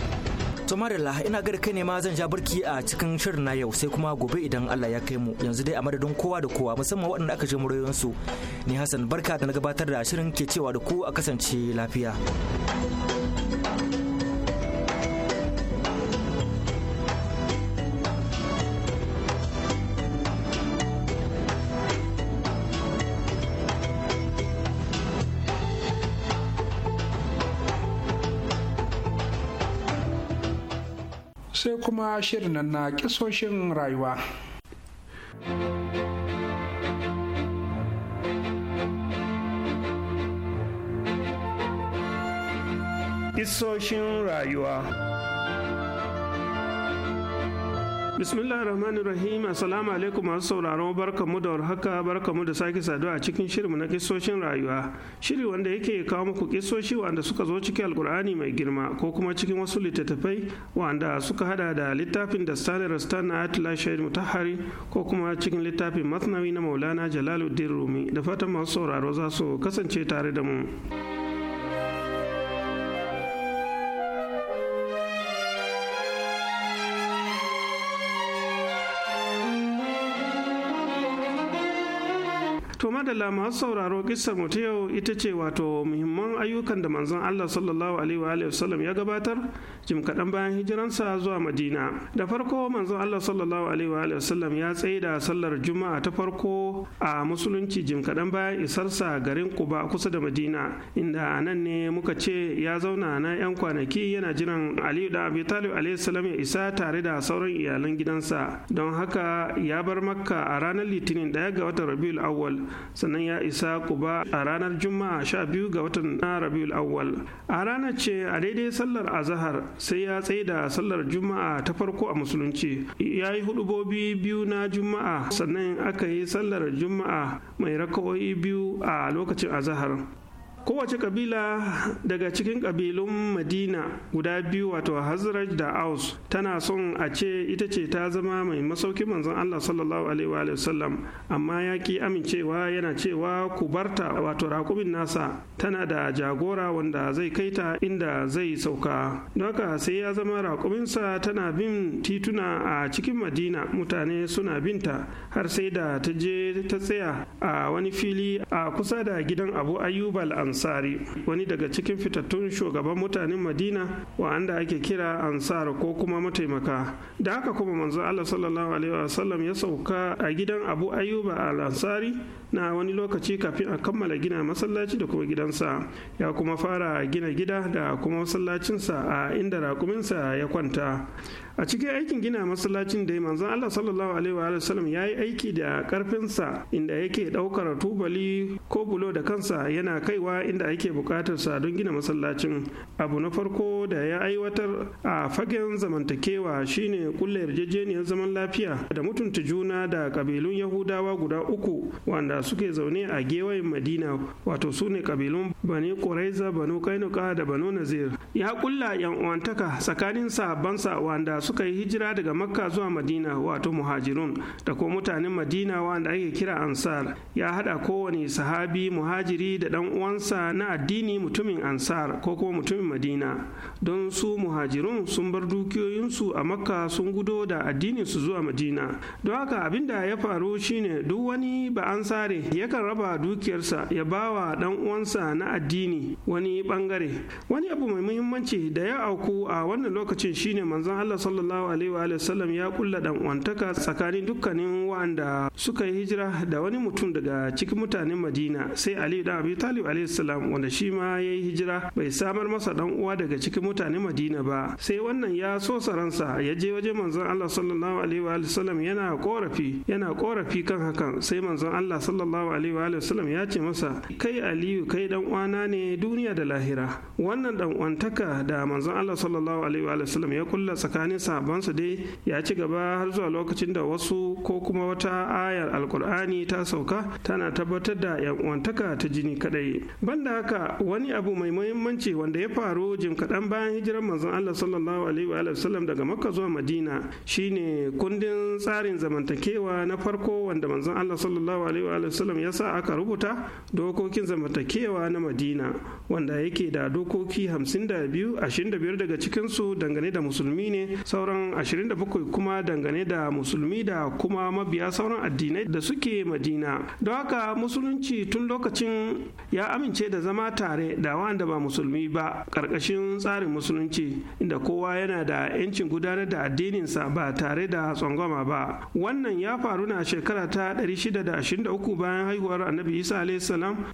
to marilla ina ga kai ne ma zan ja barki a cikin shirin na yau sai kuma gobe idan Allah ya kai mu yanzu dai a madadin kowa da kowa musamman waɗanda aka je su ni Hassan barka da na gabatar da shirin ke cewa da ku a kasance lafiya. kuma shirin na kisoshin rayuwa. Kisoshin rayuwa bismillah rahman rahim assalamu alaikum masu sauraron barka mu da warhaka barka mu da sake saduwa a cikin shirinmu na kisoshin rayuwa shiri wanda yake kawo muku kisoshi wanda suka zo cikin alkur'ani mai girma ko kuma cikin wasu littattafai wanda suka hada da littafin da stanley rastan na atila shahid mutahari ko kuma cikin littafin masnawi na maulana jalaluddin rumi da fatan masu sauraro za su kasance tare da mu. To madalla masu sauraro kisar mu ta yau ita ce wato muhimman ayyukan da manzon Allah sallallahu alaihi wa ya gabatar jim kaɗan bayan hijiransa zuwa Madina. Da farko manzon Allah sallallahu alaihi wa ya tsaida sallar Juma'a ta farko a musulunci jim kaɗan bayan isarsa garin Quba kusa da Madina inda anan ne muka ce ya zauna na 'yan kwanaki yana jiran Aliyu da Abi Talib alaihi salam ya isa tare da sauran iyalan gidansa don haka ya bar Makka a ranar Litinin ɗaya ga watan Rabiul Awwal sannan ya isa kuba a ranar juma'a sha biyu ga watan na rabiul awwal a ranar ce a daidai sallar azahar sai ya tsaye da sallar juma'a ta farko a musulunci ya yi hudubobi biyu na juma'a sannan aka yi sallar juma'a mai rakawoyi biyu a lokacin azahar kowace kabila daga cikin kabilun madina guda biyu wato hazraj da aus tana son a ce ita ce ta zama mai masauki manzon allah sallallahu alaihi wa amma ya ki amincewa yana cewa ku barta wato rakumin nasa tana da jagora wanda zai kai ta inda zai sauka don haka sai ya zama rakuminsa tana bin tituna a cikin madina mutane suna binta har sai da ta je ta tsaya a wani fili a kusa da gidan abu ayyubal ansari wani daga cikin fitattun shugaban mutanen madina wa'anda ake kira ansar ko kuma mataimaka da haka kuma manzo allah sallallahu alaihi wasallam ya sauka a gidan abu ayuba al ansari na wani lokaci kafin a kammala gina masallaci da kuma gidansa ya kuma fara gina gida da kuma masallacinsa a inda raƙuminsa ya kwanta a cikin aikin gina masallacin da manzon Allah sallallahu alaihi wa sallam ya yi aiki da karfinsa inda yake daukar tubali ko bulo da kansa yana kaiwa inda ake bukatar sa don gina masallacin abu na farko da ya aiwatar a fagen zamantakewa shine kulle yarjejeniyar zaman lafiya da mutunta juna da kabilun yahudawa guda uku wanda suke zaune a gewayen madina wato sune kabilun bani quraiza banu kainuka da banu nazir ya kulla yan uwantaka tsakanin Bansa wanda suka yi hijira daga makka zuwa madina wato muhajirun da kuma mutanen madina wanda ake kira ansar ya hada kowane sahabi muhajiri da dan uwansa na addini mutumin ansar ko kuma mutumin madina don su muhajirun sun bar dukiyoyinsu a makka sun gudo da addinin su zuwa madina don haka abin da ya faru shine duk wani ba ansare yakan raba dukiyarsa ya bawa dan uwansa na addini wani bangare wani abu mai muhimmanci da ya auku a wannan lokacin shine manzon Allah sallallahu alaihi wa sallam ya kulla dan wantaka tsakanin dukkanin wanda suka yi hijira da wani mutum daga cikin mutanen Madina sai Ali da Abi Talib alaihi salam wanda shi ma ya yi hijira bai samar masa dan uwa daga cikin mutanen Madina ba sai wannan ya so saransa ya je waje manzon Allah sallallahu alaihi wa sallam yana korafi yana korafi kan hakan sai manzon Allah sallallahu alaihi wa sallam ya ce masa kai Aliyu kai dan uwana ne duniya da lahira wannan dan wantaka da manzon Allah sallallahu alaihi wa sallam ya kulla tsakanin sabonsa dai ya ci gaba har zuwa lokacin da wasu ko kuma wata ayar alkur'ani ta sauka tana tabbatar da yan uwantaka ta jini kadai banda haka wani abu mai muhimmanci wanda ya faru jim kaɗan bayan hijirar manzon Allah sallallahu alaihi wa sallam daga Makka zuwa Madina shine kundin tsarin zamantakewa na farko wanda manzon Allah sallallahu alaihi wa sallam ya sa aka rubuta dokokin zamantakewa na Madina wanda yake da dokoki 52 25 daga cikinsu dangane da musulmi ne sauran 27 kuma dangane da musulmi da kuma mabiya sauran addinai da suke madina don haka musulunci tun lokacin ya amince da zama tare da wanda ba musulmi ba ƙarƙashin tsarin musulunci inda kowa yana da 'yancin gudanar da addininsa ba tare da tsangwama ba wannan ya faru na shekara ta 623 bayan haihuwar annabi isa alaihi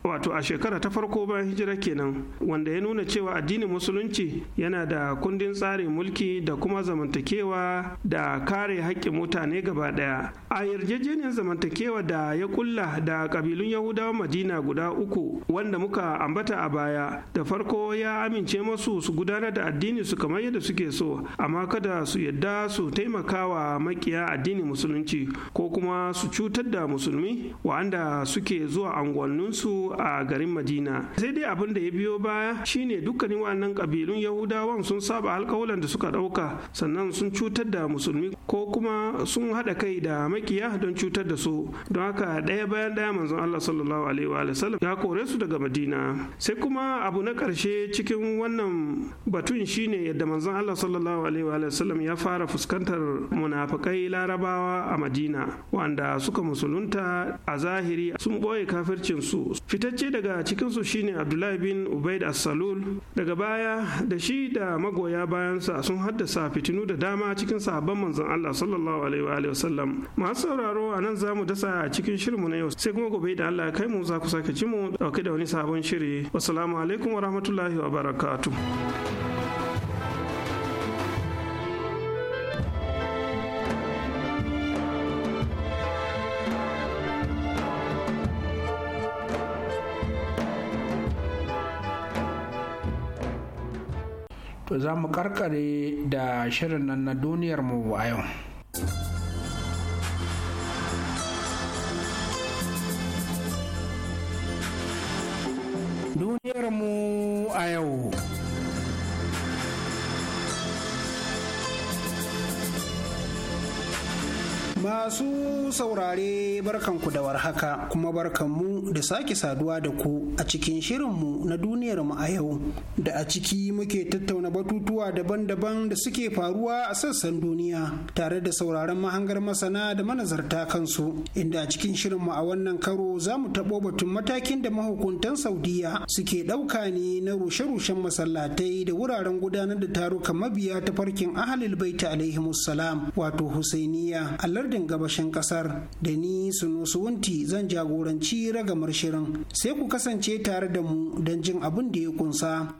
wato a shekara ta farko bayan hijira kenan kenan wanda ya nuna cewa addinin musulunci yana da kundin tsarin mulki da kuma zamantakewa da kare haƙƙin mutane gaba ɗaya a yarjejeniyar zamantakewa da ya kulla da ƙabilun yahudawa madina guda uku wanda muka ambata a baya da farko ya amince masu su gudanar da addini su kamar yadda suke so amma kada su yadda su taimakawa makiya addinin musulunci ko kuma su cutar da musulmi wa'anda suke zuwa anguwanninsu a garin madina sai dai abin da biyo baya shine dukkanin wannan kabilun yahudawan sun saba alkawalan da suka dauka sannan sun cutar da musulmi ko kuma sun haɗa kai da makiya don cutar da su don haka ɗaya bayan daya manzon Allah sallallahu alaihi wa sallam ya kore su daga Madina sai kuma abu na karshe cikin wannan batun shine yadda manzon Allah sallallahu alaihi wa sallam ya fara fuskantar munafikai larabawa a Madina wanda suka musulunta a zahiri sun boye kafircin su fitacce daga cikin su shine Abdullahi bin ubaid as daga baya da shi da magoya bayansa sun haddasa fitinu da dama cikin sahabban manzon Allah sallallahu alaihi wa alihi wasallam masu sauraro a nan zamu dasa a cikin shirinmu na yau sai kuma gobe da Allah kai mu za ku sake ci mu dauke da wani sabon shiri wassalamu alaikum wa rahmatullahi wa barakatuh to za mu karkare da shirin nan na duniyar mu a yau duniyar mu a yau Masu saurare barkanku da warhaka kuma barkanmu da sake saduwa da ku a cikin shirinmu na duniyarmu a yau da a ciki muke tattauna batutuwa daban-daban da suke faruwa a sassan duniya tare da sauraron mahangar masana da manazarta kansu inda a cikin shirinmu a wannan karo za mu taɓo batun matakin da mahukuntan saudiya suke ɗauka ne na rushe-rushen masallatai da wuraren gudanar da tarukan mabiya ta farkin ahalil baita salam, wato husainiya a lardin yankin gabashin kasar da ni sunusu wunti zan jagoranci ragamar shirin sai ku kasance tare da mu don jin abin da ya kunsa.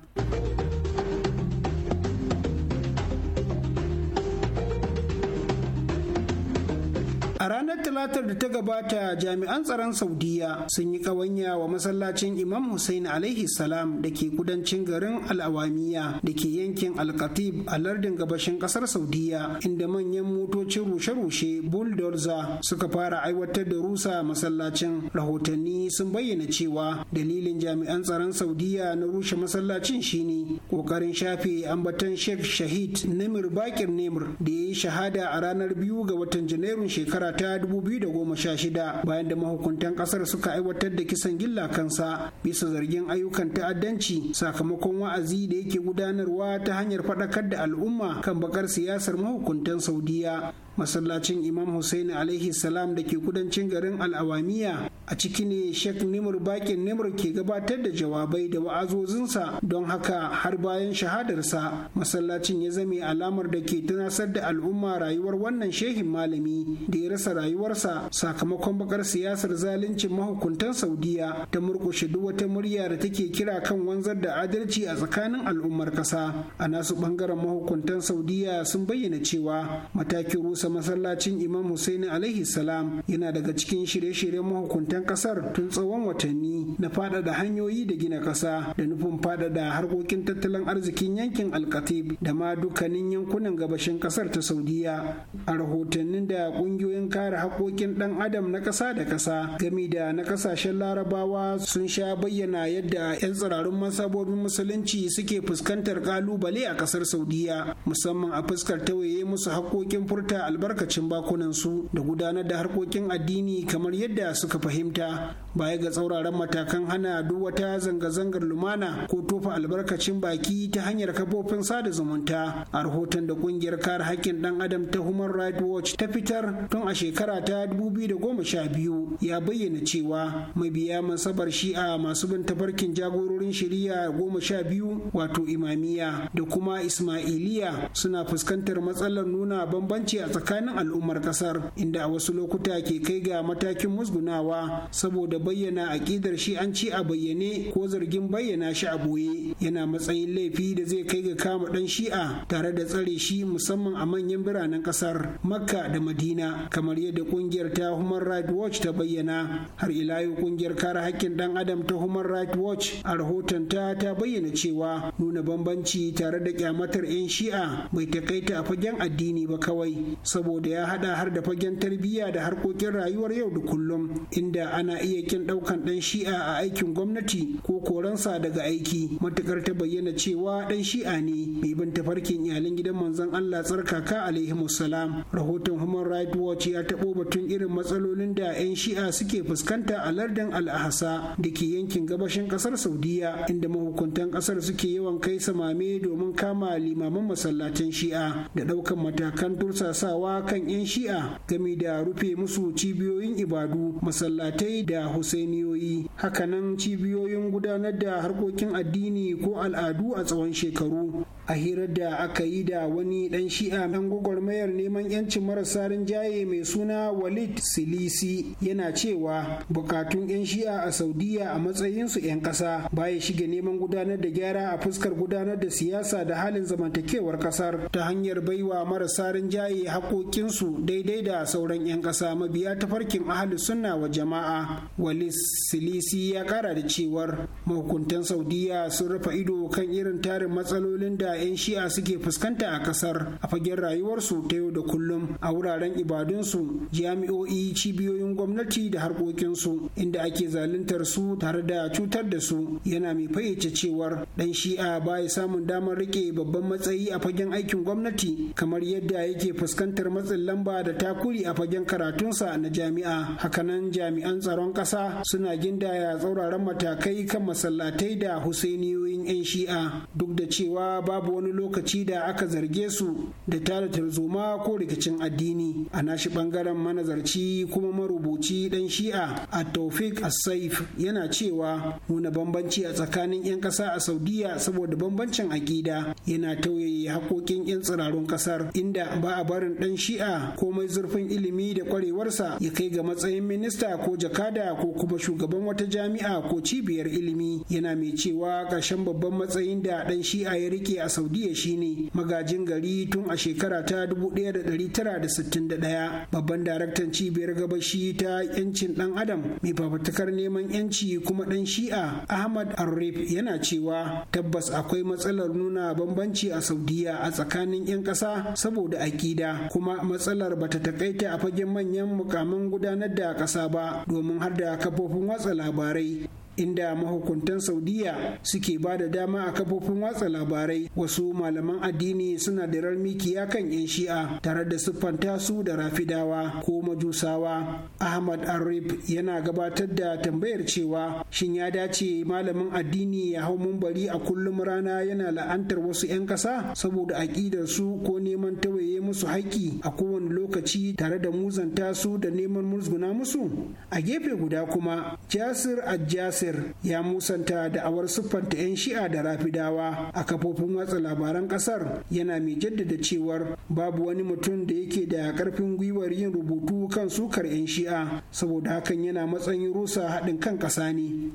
A ranar Talatar da ta gabata jami'an tsaron Saudiya sun yi kawanya wa masallacin Imam Hussein alaihi salam da ke kudancin garin Al'awamiya da ke yankin Al-Khatib a lardin gabashin kasar Saudiya inda manyan motocin rushe-rushe bulldozer suka fara aiwatar da rusa masallacin. Rahotanni sun bayyana cewa dalilin jami'an tsaron Saudiya na rushe masallacin shine kokarin shafe ambaton Sheikh Shahid Namir Bakir Nemir da ya yi shahada a ranar biyu ga watan Janairun shekara ta 2016 bayan da mahukuntan kasar suka aiwatar da kisan gilla kansa bisa zargin ayyukan ta'addanci sakamakon wa'azi da yake gudanarwa ta hanyar faɗakar da al'umma kan bakar siyasar mahukuntan saudiya masallacin imam hussein alaihi salam da ke kudancin garin al'awamiya a ciki ne shek nimur bakin nimur ke gabatar da jawabai da wa'azozinsa don haka har bayan shahadarsa masallacin ya zame alamar da ke tunasar da al'umma rayuwar wannan shehin malami da ya rasa rayuwarsa sakamakon bakar siyasar zaluncin mahukuntan saudiya ta murkushe duk wata murya da take kira kan wanzar da adalci a tsakanin al'ummar kasa a nasu bangaren mahukuntan saudiya sun bayyana cewa matakin rusa masallacin imam Hussein alaihi salam yana daga cikin shirye-shiryen mahukuntan kasar tun tsawon watanni na faɗaɗa hanyoyi da gina ƙasa da nufin faɗaɗa harkokin tattalin arzikin yankin alkatib da ma dukkanin yankunan gabashin ƙasar ta saudiya a rahotannin da ƙungiyoyin kare haƙoƙin ɗan adam na ƙasa da ƙasa gami da na ƙasashen larabawa sun sha bayyana yadda 'yan tsirarun masabobin musulunci suke fuskantar ƙalubale a ƙasar saudiya musamman a fuskar tawaye musu haƙoƙin furta albarkacin bakunan su da gudanar da harkokin addini kamar yadda suka fahimta baya ga tsauraran matakan hana duk wata zanga-zangar lumana ko tofa albarkacin baki ta hanyar kafofin sada zumunta a rahoton da kungiyar kare haƙƙin ɗan adam ta human rights watch ta fitar tun a shekara ta 2012 ya bayyana cewa mabiya masabar shi'a masu bin tafarkin jagororin shari'a goma sha biyu wato imamiya da kuma ismailiya suna fuskantar matsalar nuna bambanci a tsakanin al'ummar ƙasar inda a wasu lokuta ke kai ga matakin musgunawa saboda bayyana aƙidar shi an ci a bayyane ko zargin bayyana shi a boye yana matsayin laifi da zai kai ga kama ɗan shi'a tare da tsare shi musamman a manyan biranen ƙasar makka da madina kamar yadda ƙungiyar ta human rights watch ta bayyana har ila yau ƙungiyar kare haƙƙin ɗan adam ta human rights watch a rahoton ta ta bayyana cewa nuna bambanci tare da kyamatar 'yan shi'a bai takaita a fagen addini ba kawai saboda ya haɗa har da fagen tarbiyya da harkokin rayuwar yau da kullum inda ana iya hakkin ɗaukan ɗan shi'a a aikin gwamnati ko koransa daga aiki matukar ta bayyana cewa ɗan shi'a ne mai bin tafarkin iyalin gidan manzon Allah tsarkaka alaihi salam rahoton Human Rights Watch ya taɓo batun irin matsalolin da 'yan shi'a suke fuskanta a lardin Al-Ahsa da ke yankin gabashin ƙasar Saudiya inda mahukuntan ƙasar suke yawan kai samame domin kama limaman masallatan shi'a da ɗaukan matakan dursasawa kan 'yan shi'a game da rufe musu cibiyoyin ibadu masallatai da husainiyoyi hakanan cibiyoyin gudanar da harkokin addini ko al'adu a tsawon shekaru a hirar da aka yi da wani dan shi'a dan gwagwarmayar neman yancin marasa rinjaye mai suna walid silisi yana cewa bukatun yan shi'a a saudiya a matsayinsu 'yan kasa baya shiga neman gudanar da gyara a fuskar gudanar da siyasa da halin zamantakewar ƙasar ta hanyar baiwa marasa rinjaye haƙoƙinsu daidai da sauran 'yan kasa mabiya tafarkin ahli sunna wa jama'a walid silisi ya ƙara da cewar mahukuntan saudiya sun rufe ido kan irin tarin matsalolin da 'yan shi'a suke fuskanta a kasar a fagen rayuwarsu ta yau da kullum a wuraren ibadunsu jami'o'i cibiyoyin gwamnati da harkokinsu inda ake zaluntar su tare da cutar da su yana mai fayyace cewar dan shi'a ba ya samun damar rike babban matsayi a fagen aikin gwamnati kamar yadda yake fuskantar matsin lamba da takuri a fagen karatunsa na jami'a hakanan jami'an tsaron ƙasa suna gindaya tsauraran matakai kan masallatai da husainiyoyin 'yan shi'a duk da cewa babu babu wani lokaci da aka zarge su da tara tarzoma ko rikicin addini a nashi bangaren manazarci kuma marubuci dan shi'a a taufik as-saif yana cewa nuna bambanci a tsakanin 'yan ƙasa a saudiya saboda bambancin aƙida yana tauye haƙoƙin 'yan tsirarun ƙasar inda ba a barin ɗan shi'a komai zurfin ilimi da ƙwarewarsa ya kai ga matsayin minista ko jakada ko kuma shugaban wata jami'a ko cibiyar ilimi yana mai cewa ƙarshen babban matsayin da ɗan shi'a ya rike a saudiya shine magajin gari tun a shekara ta 1961 babban daraktan cibiyar gabashi ta yancin dan adam mai fafatakar neman yanci kuma dan shi'a ahmad arif yana cewa tabbas akwai matsalar nuna bambanci a saudiya a tsakanin 'yan ƙasa saboda aƙida kuma matsalar bata takaita a fagen manyan mukamin gudanar da ƙasa ba domin har da kafofin watsa labarai inda mahukuntan saudiya suke ba da dama a kafofin watsa labarai wasu malaman addini suna da kiya kan 'yan shi'a tare da siffanta su da rafidawa ko majusawa ahmad arif yana gabatar da tambayar cewa shin ya dace malamin addini ya hau mumbari a kullum rana yana la'antar wasu 'yan kasa? saboda aƙidar su ko neman tawaye musu haƙƙi a kowane lokaci tare da muzanta su da neman musguna musu a gefe guda kuma jasir ajjasir Nasir ya musanta da'awar siffanta 'yan shi'a da rafidawa a kafofin watsa labaran kasar yana mai jaddada cewar babu wani mutum da yake da karfin gwiwar yin rubutu kan sukar 'yan shi'a saboda hakan yana matsayin rusa haɗin kan ƙasa ne.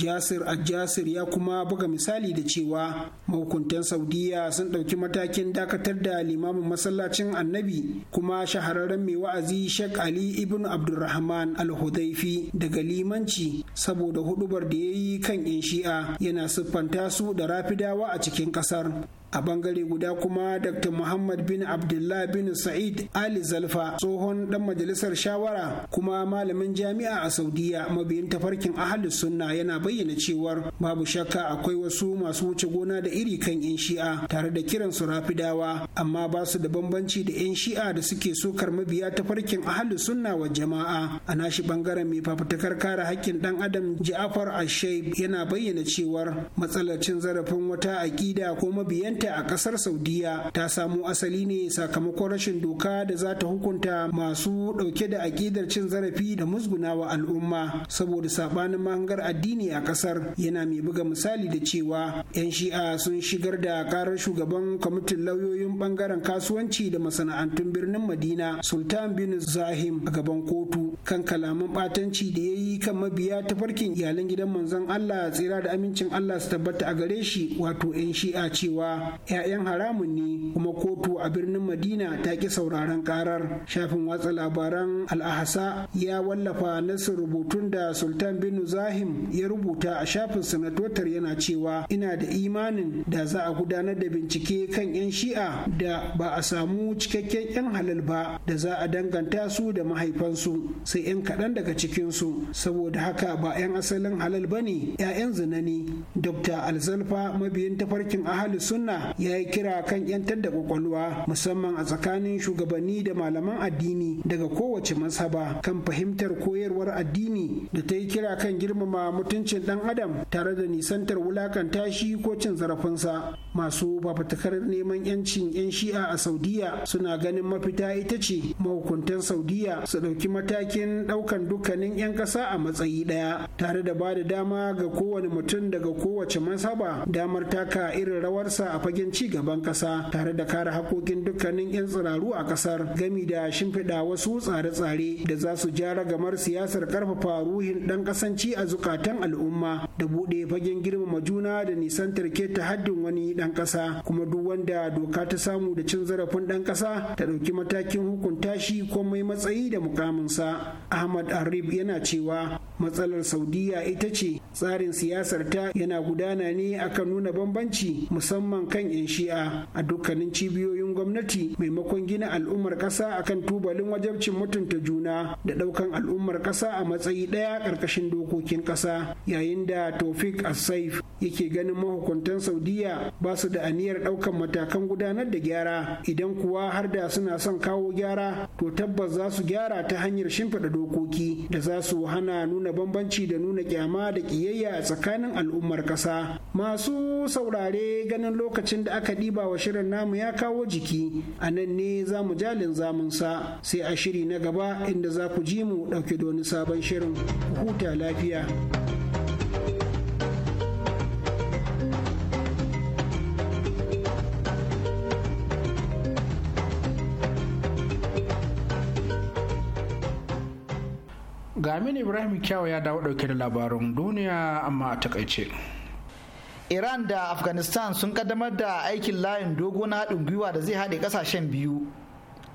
Jasir Al-Jasir ya kuma buga misali da cewa mahukuntan Saudiya sun ɗauki matakin dakatar da limamin masallacin annabi kuma shahararren mai wa'azi Sheikh Ali ibn Abdulrahman Al-Hudaifi daga limanci saboda hudubar da ya yi kan 'yan shi'a yana siffanta su da rafidawa a cikin ƙasar. a bangare guda kuma dr muhammad bin abdullah bin sa'id ali zalfa tsohon dan majalisar shawara kuma malamin jami'a a saudiya mabiyin tafarkin ahalus sunna yana bayyana cewar babu shakka akwai wasu masu wuce gona da iri kan yan shi'a tare da kiran su rafidawa amma ba su da bambanci da yan shi'a da suke sokar mabiya tafarkin ahalus sunna wa jama'a a nashi bangaren mai fafutukar kare hakkin dan adam ja'afar ashaib yana bayyana cewar matsalar cin zarafin wata aƙida ko mabiyan ta a kasar saudiya ta samu asali ne sakamakon rashin doka da za ta hukunta masu dauke da akidar cin zarafi da musgunawa al'umma saboda sabanin mahangar addini a kasar yana mai buga misali da cewa 'yan shi'a sun shigar da karar shugaban kwamitin lauyoyin bangaren kasuwanci da masana'antun birnin madina sultan bin zahim a gaban kotu kan kalaman batanci da ya yi kan mabiya tafarkin iyalan gidan manzon allah tsira da amincin allah su tabbata a gare shi wato 'yan shi'a cewa 'ya'yan haramun ne kuma kotu a birnin madina ta ki sauraron karar shafin watsa labaran al'ahasa ya wallafa nasu rubutun da sultan bin zahim ya rubuta a shafin sanatotar yana cewa ina da imanin da za a gudanar da bincike kan 'yan shi'a da ba a samu cikakken 'yan halal ba da za a danganta su da mahaifansu sai 'yan kaɗan daga cikinsu saboda haka ba 'yan asalin halal ba ne 'ya'yan zinani ne dr alzalfa mabiyin tafarkin ahali sunna ya yi kira kan 'yantar da kwakwalwa musamman a tsakanin shugabanni da malaman addini daga kowace mazhaba kan fahimtar koyarwar addini da ta yi kira kan girmama mutuncin dan adam tare da nisantar wulakanta shi ko cin zarafinsa masu fafatakar neman 'yancin 'yan shi'a a saudiya suna ganin mafita ita ce mahukuntan saudiya su ɗauki matakin ɗaukan dukkanin 'yan ƙasa a matsayi ɗaya tare da ba da dama ga kowane mutum daga kowace mazhaba damar taka irin rawarsa a fagen ci gaban ƙasa tare da kare hakokin dukkanin 'yan tsiraru a ƙasar gami da shimfiɗa wasu tsare-tsare da za su ja ragamar siyasar karfafa ruhin ɗan ƙasanci a zukatan al'umma da buɗe fagen girmama juna da nisantar keta haddin wani ɗan ƙasa kuma duk wanda doka ta samu da cin zarafin ɗan ƙasa ta ɗauki matakin hukunta shi ko mai matsayi da mukaminsa ahmad arif yana cewa matsalar saudiya ita ce tsarin siyasar ta yana gudana ne akan nuna bambanci musamman kan 'yan shi'a a dukkanin cibiyoyin gwamnati maimakon gina al'ummar ƙasa akan tubalin wajabcin mutunta juna da ɗaukan al'ummar ƙasa a matsayi ɗaya ƙarƙashin dokokin ƙasa yayin da tofik asaif yake ganin mahukuntan saudiya ba su da aniyar ɗaukan matakan gudanar da gyara idan kuwa har da suna son kawo gyara to tabbas za su gyara ta hanyar shimfiɗa dokoki da za su hana nuna nuna bambanci da nuna kyama da kiyayya a tsakanin al'ummar kasa masu saurare ganin lokacin da aka ɗiba wa shirin namu ya kawo jiki a nan ne za mu jalin zamunsa sai a shiri na gaba inda za ku ji mu dauke da wani sabon shirin huta lafiya. Amin Ibrahim Kyawu ya dawo dauke da labarin duniya amma a takaice. Iran da Afghanistan sun kaddamar da aikin layin dogo na haɗin gwiwa da zai haɗe ƙasashen biyu.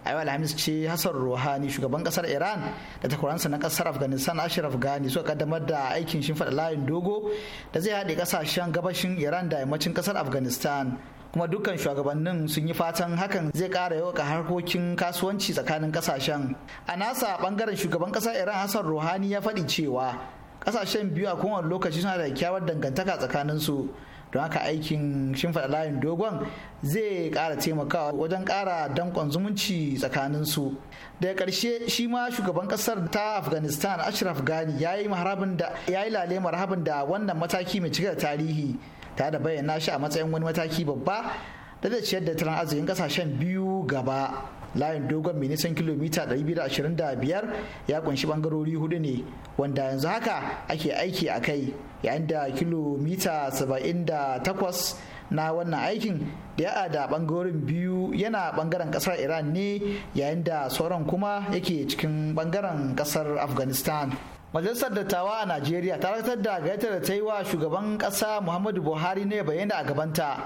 A Alhamis ce Hassan Rouhani shugaban ƙasar Iran da takwaransa na ƙasar Afghanistan Ashraf Ghani suka kaddamar da aikin shimfiɗa layin dogo da zai haɗe ƙasashen gabashin Iran da yammacin ƙasar Afghanistan. kuma dukkan shugabannin sun yi fatan hakan zai kara a harkokin kasuwanci tsakanin kasashen. a nasa bangaren shugaban kasa iran hassan ruhani ya faɗi cewa kasashen biyu a kowane lokaci suna da kyawar dangantaka tsakaninsu don haka aikin shimfiɗa layin dogon zai ƙara taimakawa wajen ƙara danƙon zumunci tsakaninsu daga ƙarshe shi ma shugaban ƙasar ta afghanistan ashraf ghani ya yi marhabin da wannan mataki mai cike da tarihi ta da bayyana shi a matsayin wani mataki babba da zai ciyar da tattalin arzikin kasashen biyu gaba layin dogon mai nisan kilomita 225 ya kunshi bangarori hudu ne wanda yanzu haka ake aiki a kai yayin da kilomita 78 na wannan aikin da ya da bangarorin biyu yana bangaren kasar iran ne yayin da sauran kuma yake cikin bangaren kasar afghanistan majalisar dattawa a najeriya ta rakatar da gayyatar da ta yi wa shugaban kasa muhammadu buhari ne bayyana a gabanta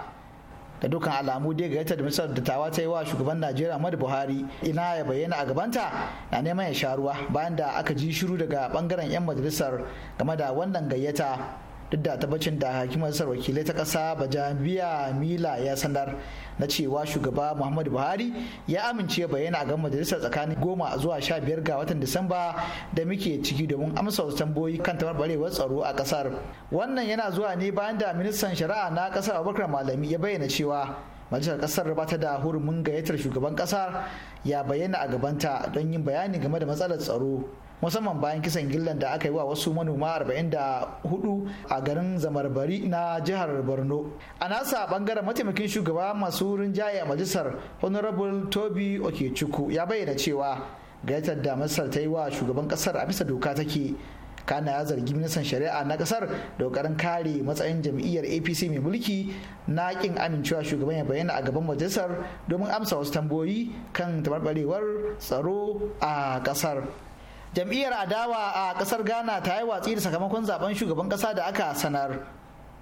da dukkan alamu dai gayyatar da majalisar dattawa ta yi wa shugaban najeriya muhammadu buhari ina ya bayyana a gabanta na neman ya sha ruwa bayan da aka ji shiru daga bangaren yan majalisar game da wannan gayyata duk da tabbacin da hakimar wakilai ta kasa bajabiya mila ya sanar na cewa shugaba muhammadu buhari ya amince bayyana ga majalisar tsakanin goma zuwa sha biyar ga watan disamba da muke ciki domin amsa wasu tambayoyi kan tabarbarewar tsaro a kasar wannan yana zuwa ne bayan da ministan shari'a na kasar abubakar malami ya bayyana cewa majalisar kasar ba ta da hurumin gayyatar shugaban kasar ya bayyana a gabanta don yin bayani game da matsalar tsaro musamman bayan kisan gillan da aka yi wa wasu manoma 44 a garin zamarbari na jihar borno a nasa bangaren mataimakin shugaba masu rinjaye a majalisar honorable toby okechukwu ya bayyana cewa gayyatar da masar ta yi wa shugaban kasar a bisa doka take kana ya zargi ministan shari'a na kasar da kokarin kare matsayin jam'iyyar apc mai mulki na kin amincewa shugaban ya bayyana a gaban majalisar domin amsa wasu tambayoyi kan tabarbarewar tsaro a kasar jam'iyyar adawa a kasar ghana ta yi watsi da sakamakon zaben shugaban kasa da aka sanar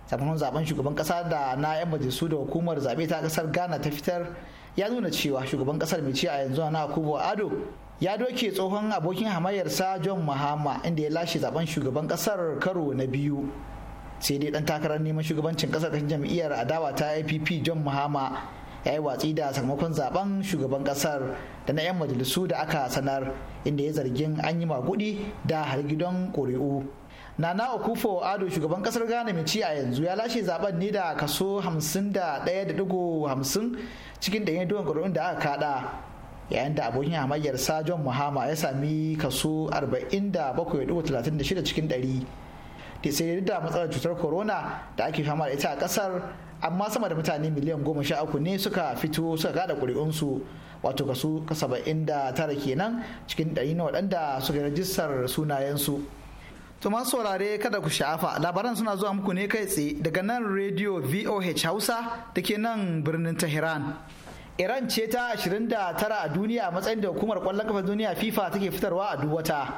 sakamakon zaben shugaban kasa da na 'yan majalisu da hukumar zabe ta kasar ghana ta fitar ya nuna cewa shugaban kasar mai ci a yanzu na akubo ado ya doke tsohon abokin hamayyarsa john mahama inda ya lashe zaben shugaban kasar karo na biyu sai dai dan takarar neman shugabancin kasar jam'iyyar adawa ta app john mahama ya yi watsi da sakamakon zaben shugaban kasar da na 'yan majalisu da aka sanar inda ya zargin an yi magudi da hargidon ƙuri'u nana okufo ado shugaban kasar ghana mai a yanzu ya lashe zaben ne da kaso 51.50 cikin ɗanyen duwan ƙuri'un da aka kaɗa. yayin da abokin sa john mahama ya sami kaso 47.36 cikin ɗari. da sai da matsalar cutar corona da ake fama da ita a kasar amma sama da mutane miliyan goma sha uku ne suka fito suka gada ƙuri'unsu wato kaso saba'in da tara kenan cikin ɗari na waɗanda suka rajistar sunayensu to masu saurare kada ku sha'afa labaran suna zuwa muku ne kai tsaye daga nan rediyo voh hausa da ke nan birnin tehran iran ce ta 29 a duniya a matsayin da hukumar kwallon kafa duniya fifa take fitarwa a duk wata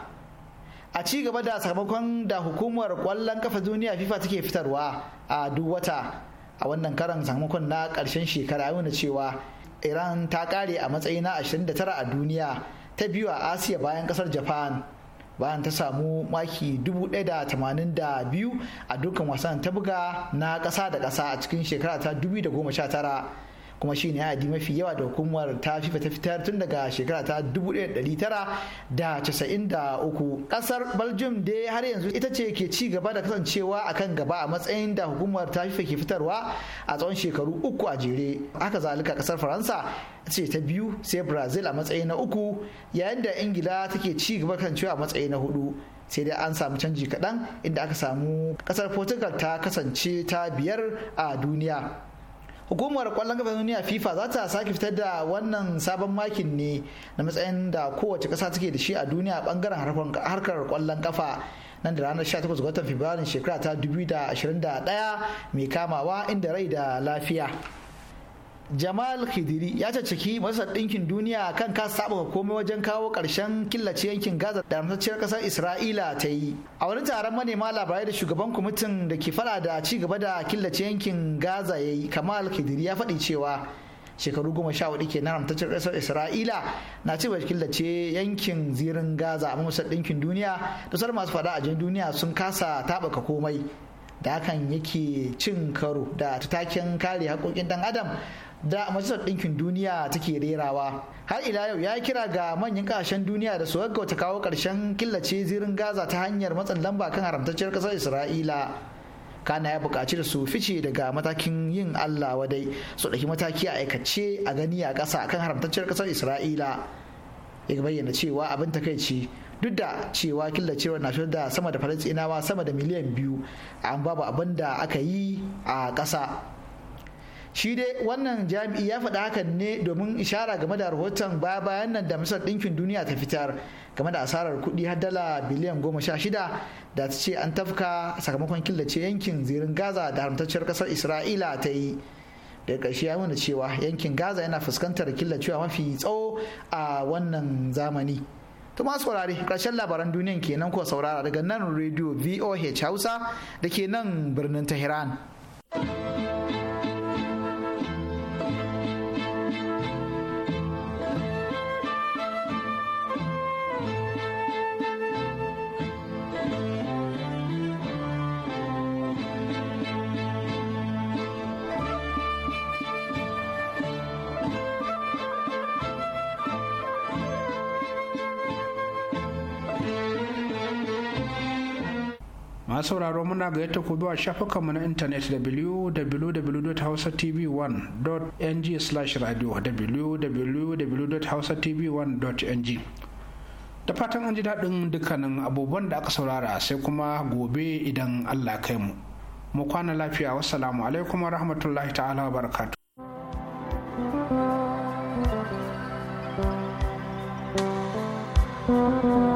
a ci gaba da sakamakon da hukumar kwallon kafa duniya fifa take fitarwa a duk wata a wannan karan sakamakon na karshen shekara ya nuna cewa iran ta kare a matsayi na 29 a duniya ta biyu a asiya bayan kasar japan bayan ta samu maki 1,082 a dukkan wasan ta buga na kasa da kasa a cikin shekara ta 2019 kuma shi ne adi mafi yawa da hukumar ta fifa ta fitar tun daga shekara ta 1993 kasar belgium dai har yanzu ita ce ke ci gaba da kasancewa a kan gaba a matsayin da hukumar ta fifa ke fitarwa a tsawon shekaru uku a jere haka zalika kasar faransa ce ta biyu sai brazil a matsayi na uku yayin da ingila take ci gaba kasancewa a matsayi na hudu sai dai an samu canji kaɗan inda aka samu kasar portugal ta kasance ta biyar a duniya hukumar kwallon kafa duniya fifa za ta sake fitar da wannan sabon makin ne na matsayin da kowace ƙasa take da shi a duniya a bangaren harkar kwallon kafa nan da ranar 18 ga watan shekara ta 2021 mai kamawa inda rai da lafiya jamal khidiri ya caccaki masar ɗinkin duniya kan ka saba komai wajen kawo ƙarshen killace yankin gaza da amsacciyar ƙasar isra'ila ta yi a wani taron manema labarai da shugaban kwamitin da ke faɗa da ci gaba da killace yankin gaza ya yi kamal khidiri ya faɗi cewa shekaru goma sha hudu kenan amtacciyar ƙasar isra'ila na ci gaba killace yankin zirin gaza a masar ɗinkin duniya da sauran masu fada a duniya sun kasa taɓaka komai da hakan yake cin karo da taken kare haƙoƙin ɗan adam da majalisar ɗinkin duniya take rerawa har ila yau ya kira ga manyan ƙasashen duniya da su gaggauta kawo ƙarshen killace zirin gaza ta hanyar matsan lamba kan haramtacciyar ƙasar isra'ila kana ya buƙaci da su fice daga matakin yin allah wadai su ɗauki mataki a aikace a gani a ƙasa kan haramtacciyar ƙasar isra'ila ya bayyana cewa abin ta takaici duk da cewa killacewar na da sama da falasɗinawa sama da miliyan biyu an babu abin da aka yi a ƙasa shi dai wannan jami'i ya faɗa hakan ne domin ishara game da rahoton baya bayan nan da misal ɗinkin duniya ta fitar game da asarar kuɗi har dala biliyan goma sha shida da ta ce an tafka sakamakon killace yankin zirin gaza da haramtacciyar ƙasar isra'ila ta yi da ƙarshe ya nuna cewa yankin gaza yana fuskantar killacewa mafi tsawo a wannan zamani to masu saurare ƙarshen labaran duniyan kenan ko saurara daga nan rediyo voh hausa da ke nan birnin tehran sauraro muna ga yadda ku zuwa shafukanmu na intanet www.hausatv1.ng/radio www.hausatv1.ng da fatan an ji daɗin dukkanin abubuwan da aka saurara sai kuma gobe idan allah kai mu mu kwana lafiya wassalamu alaikum warahmatullahi rahmatullahi ta'ala wa barakatu thank you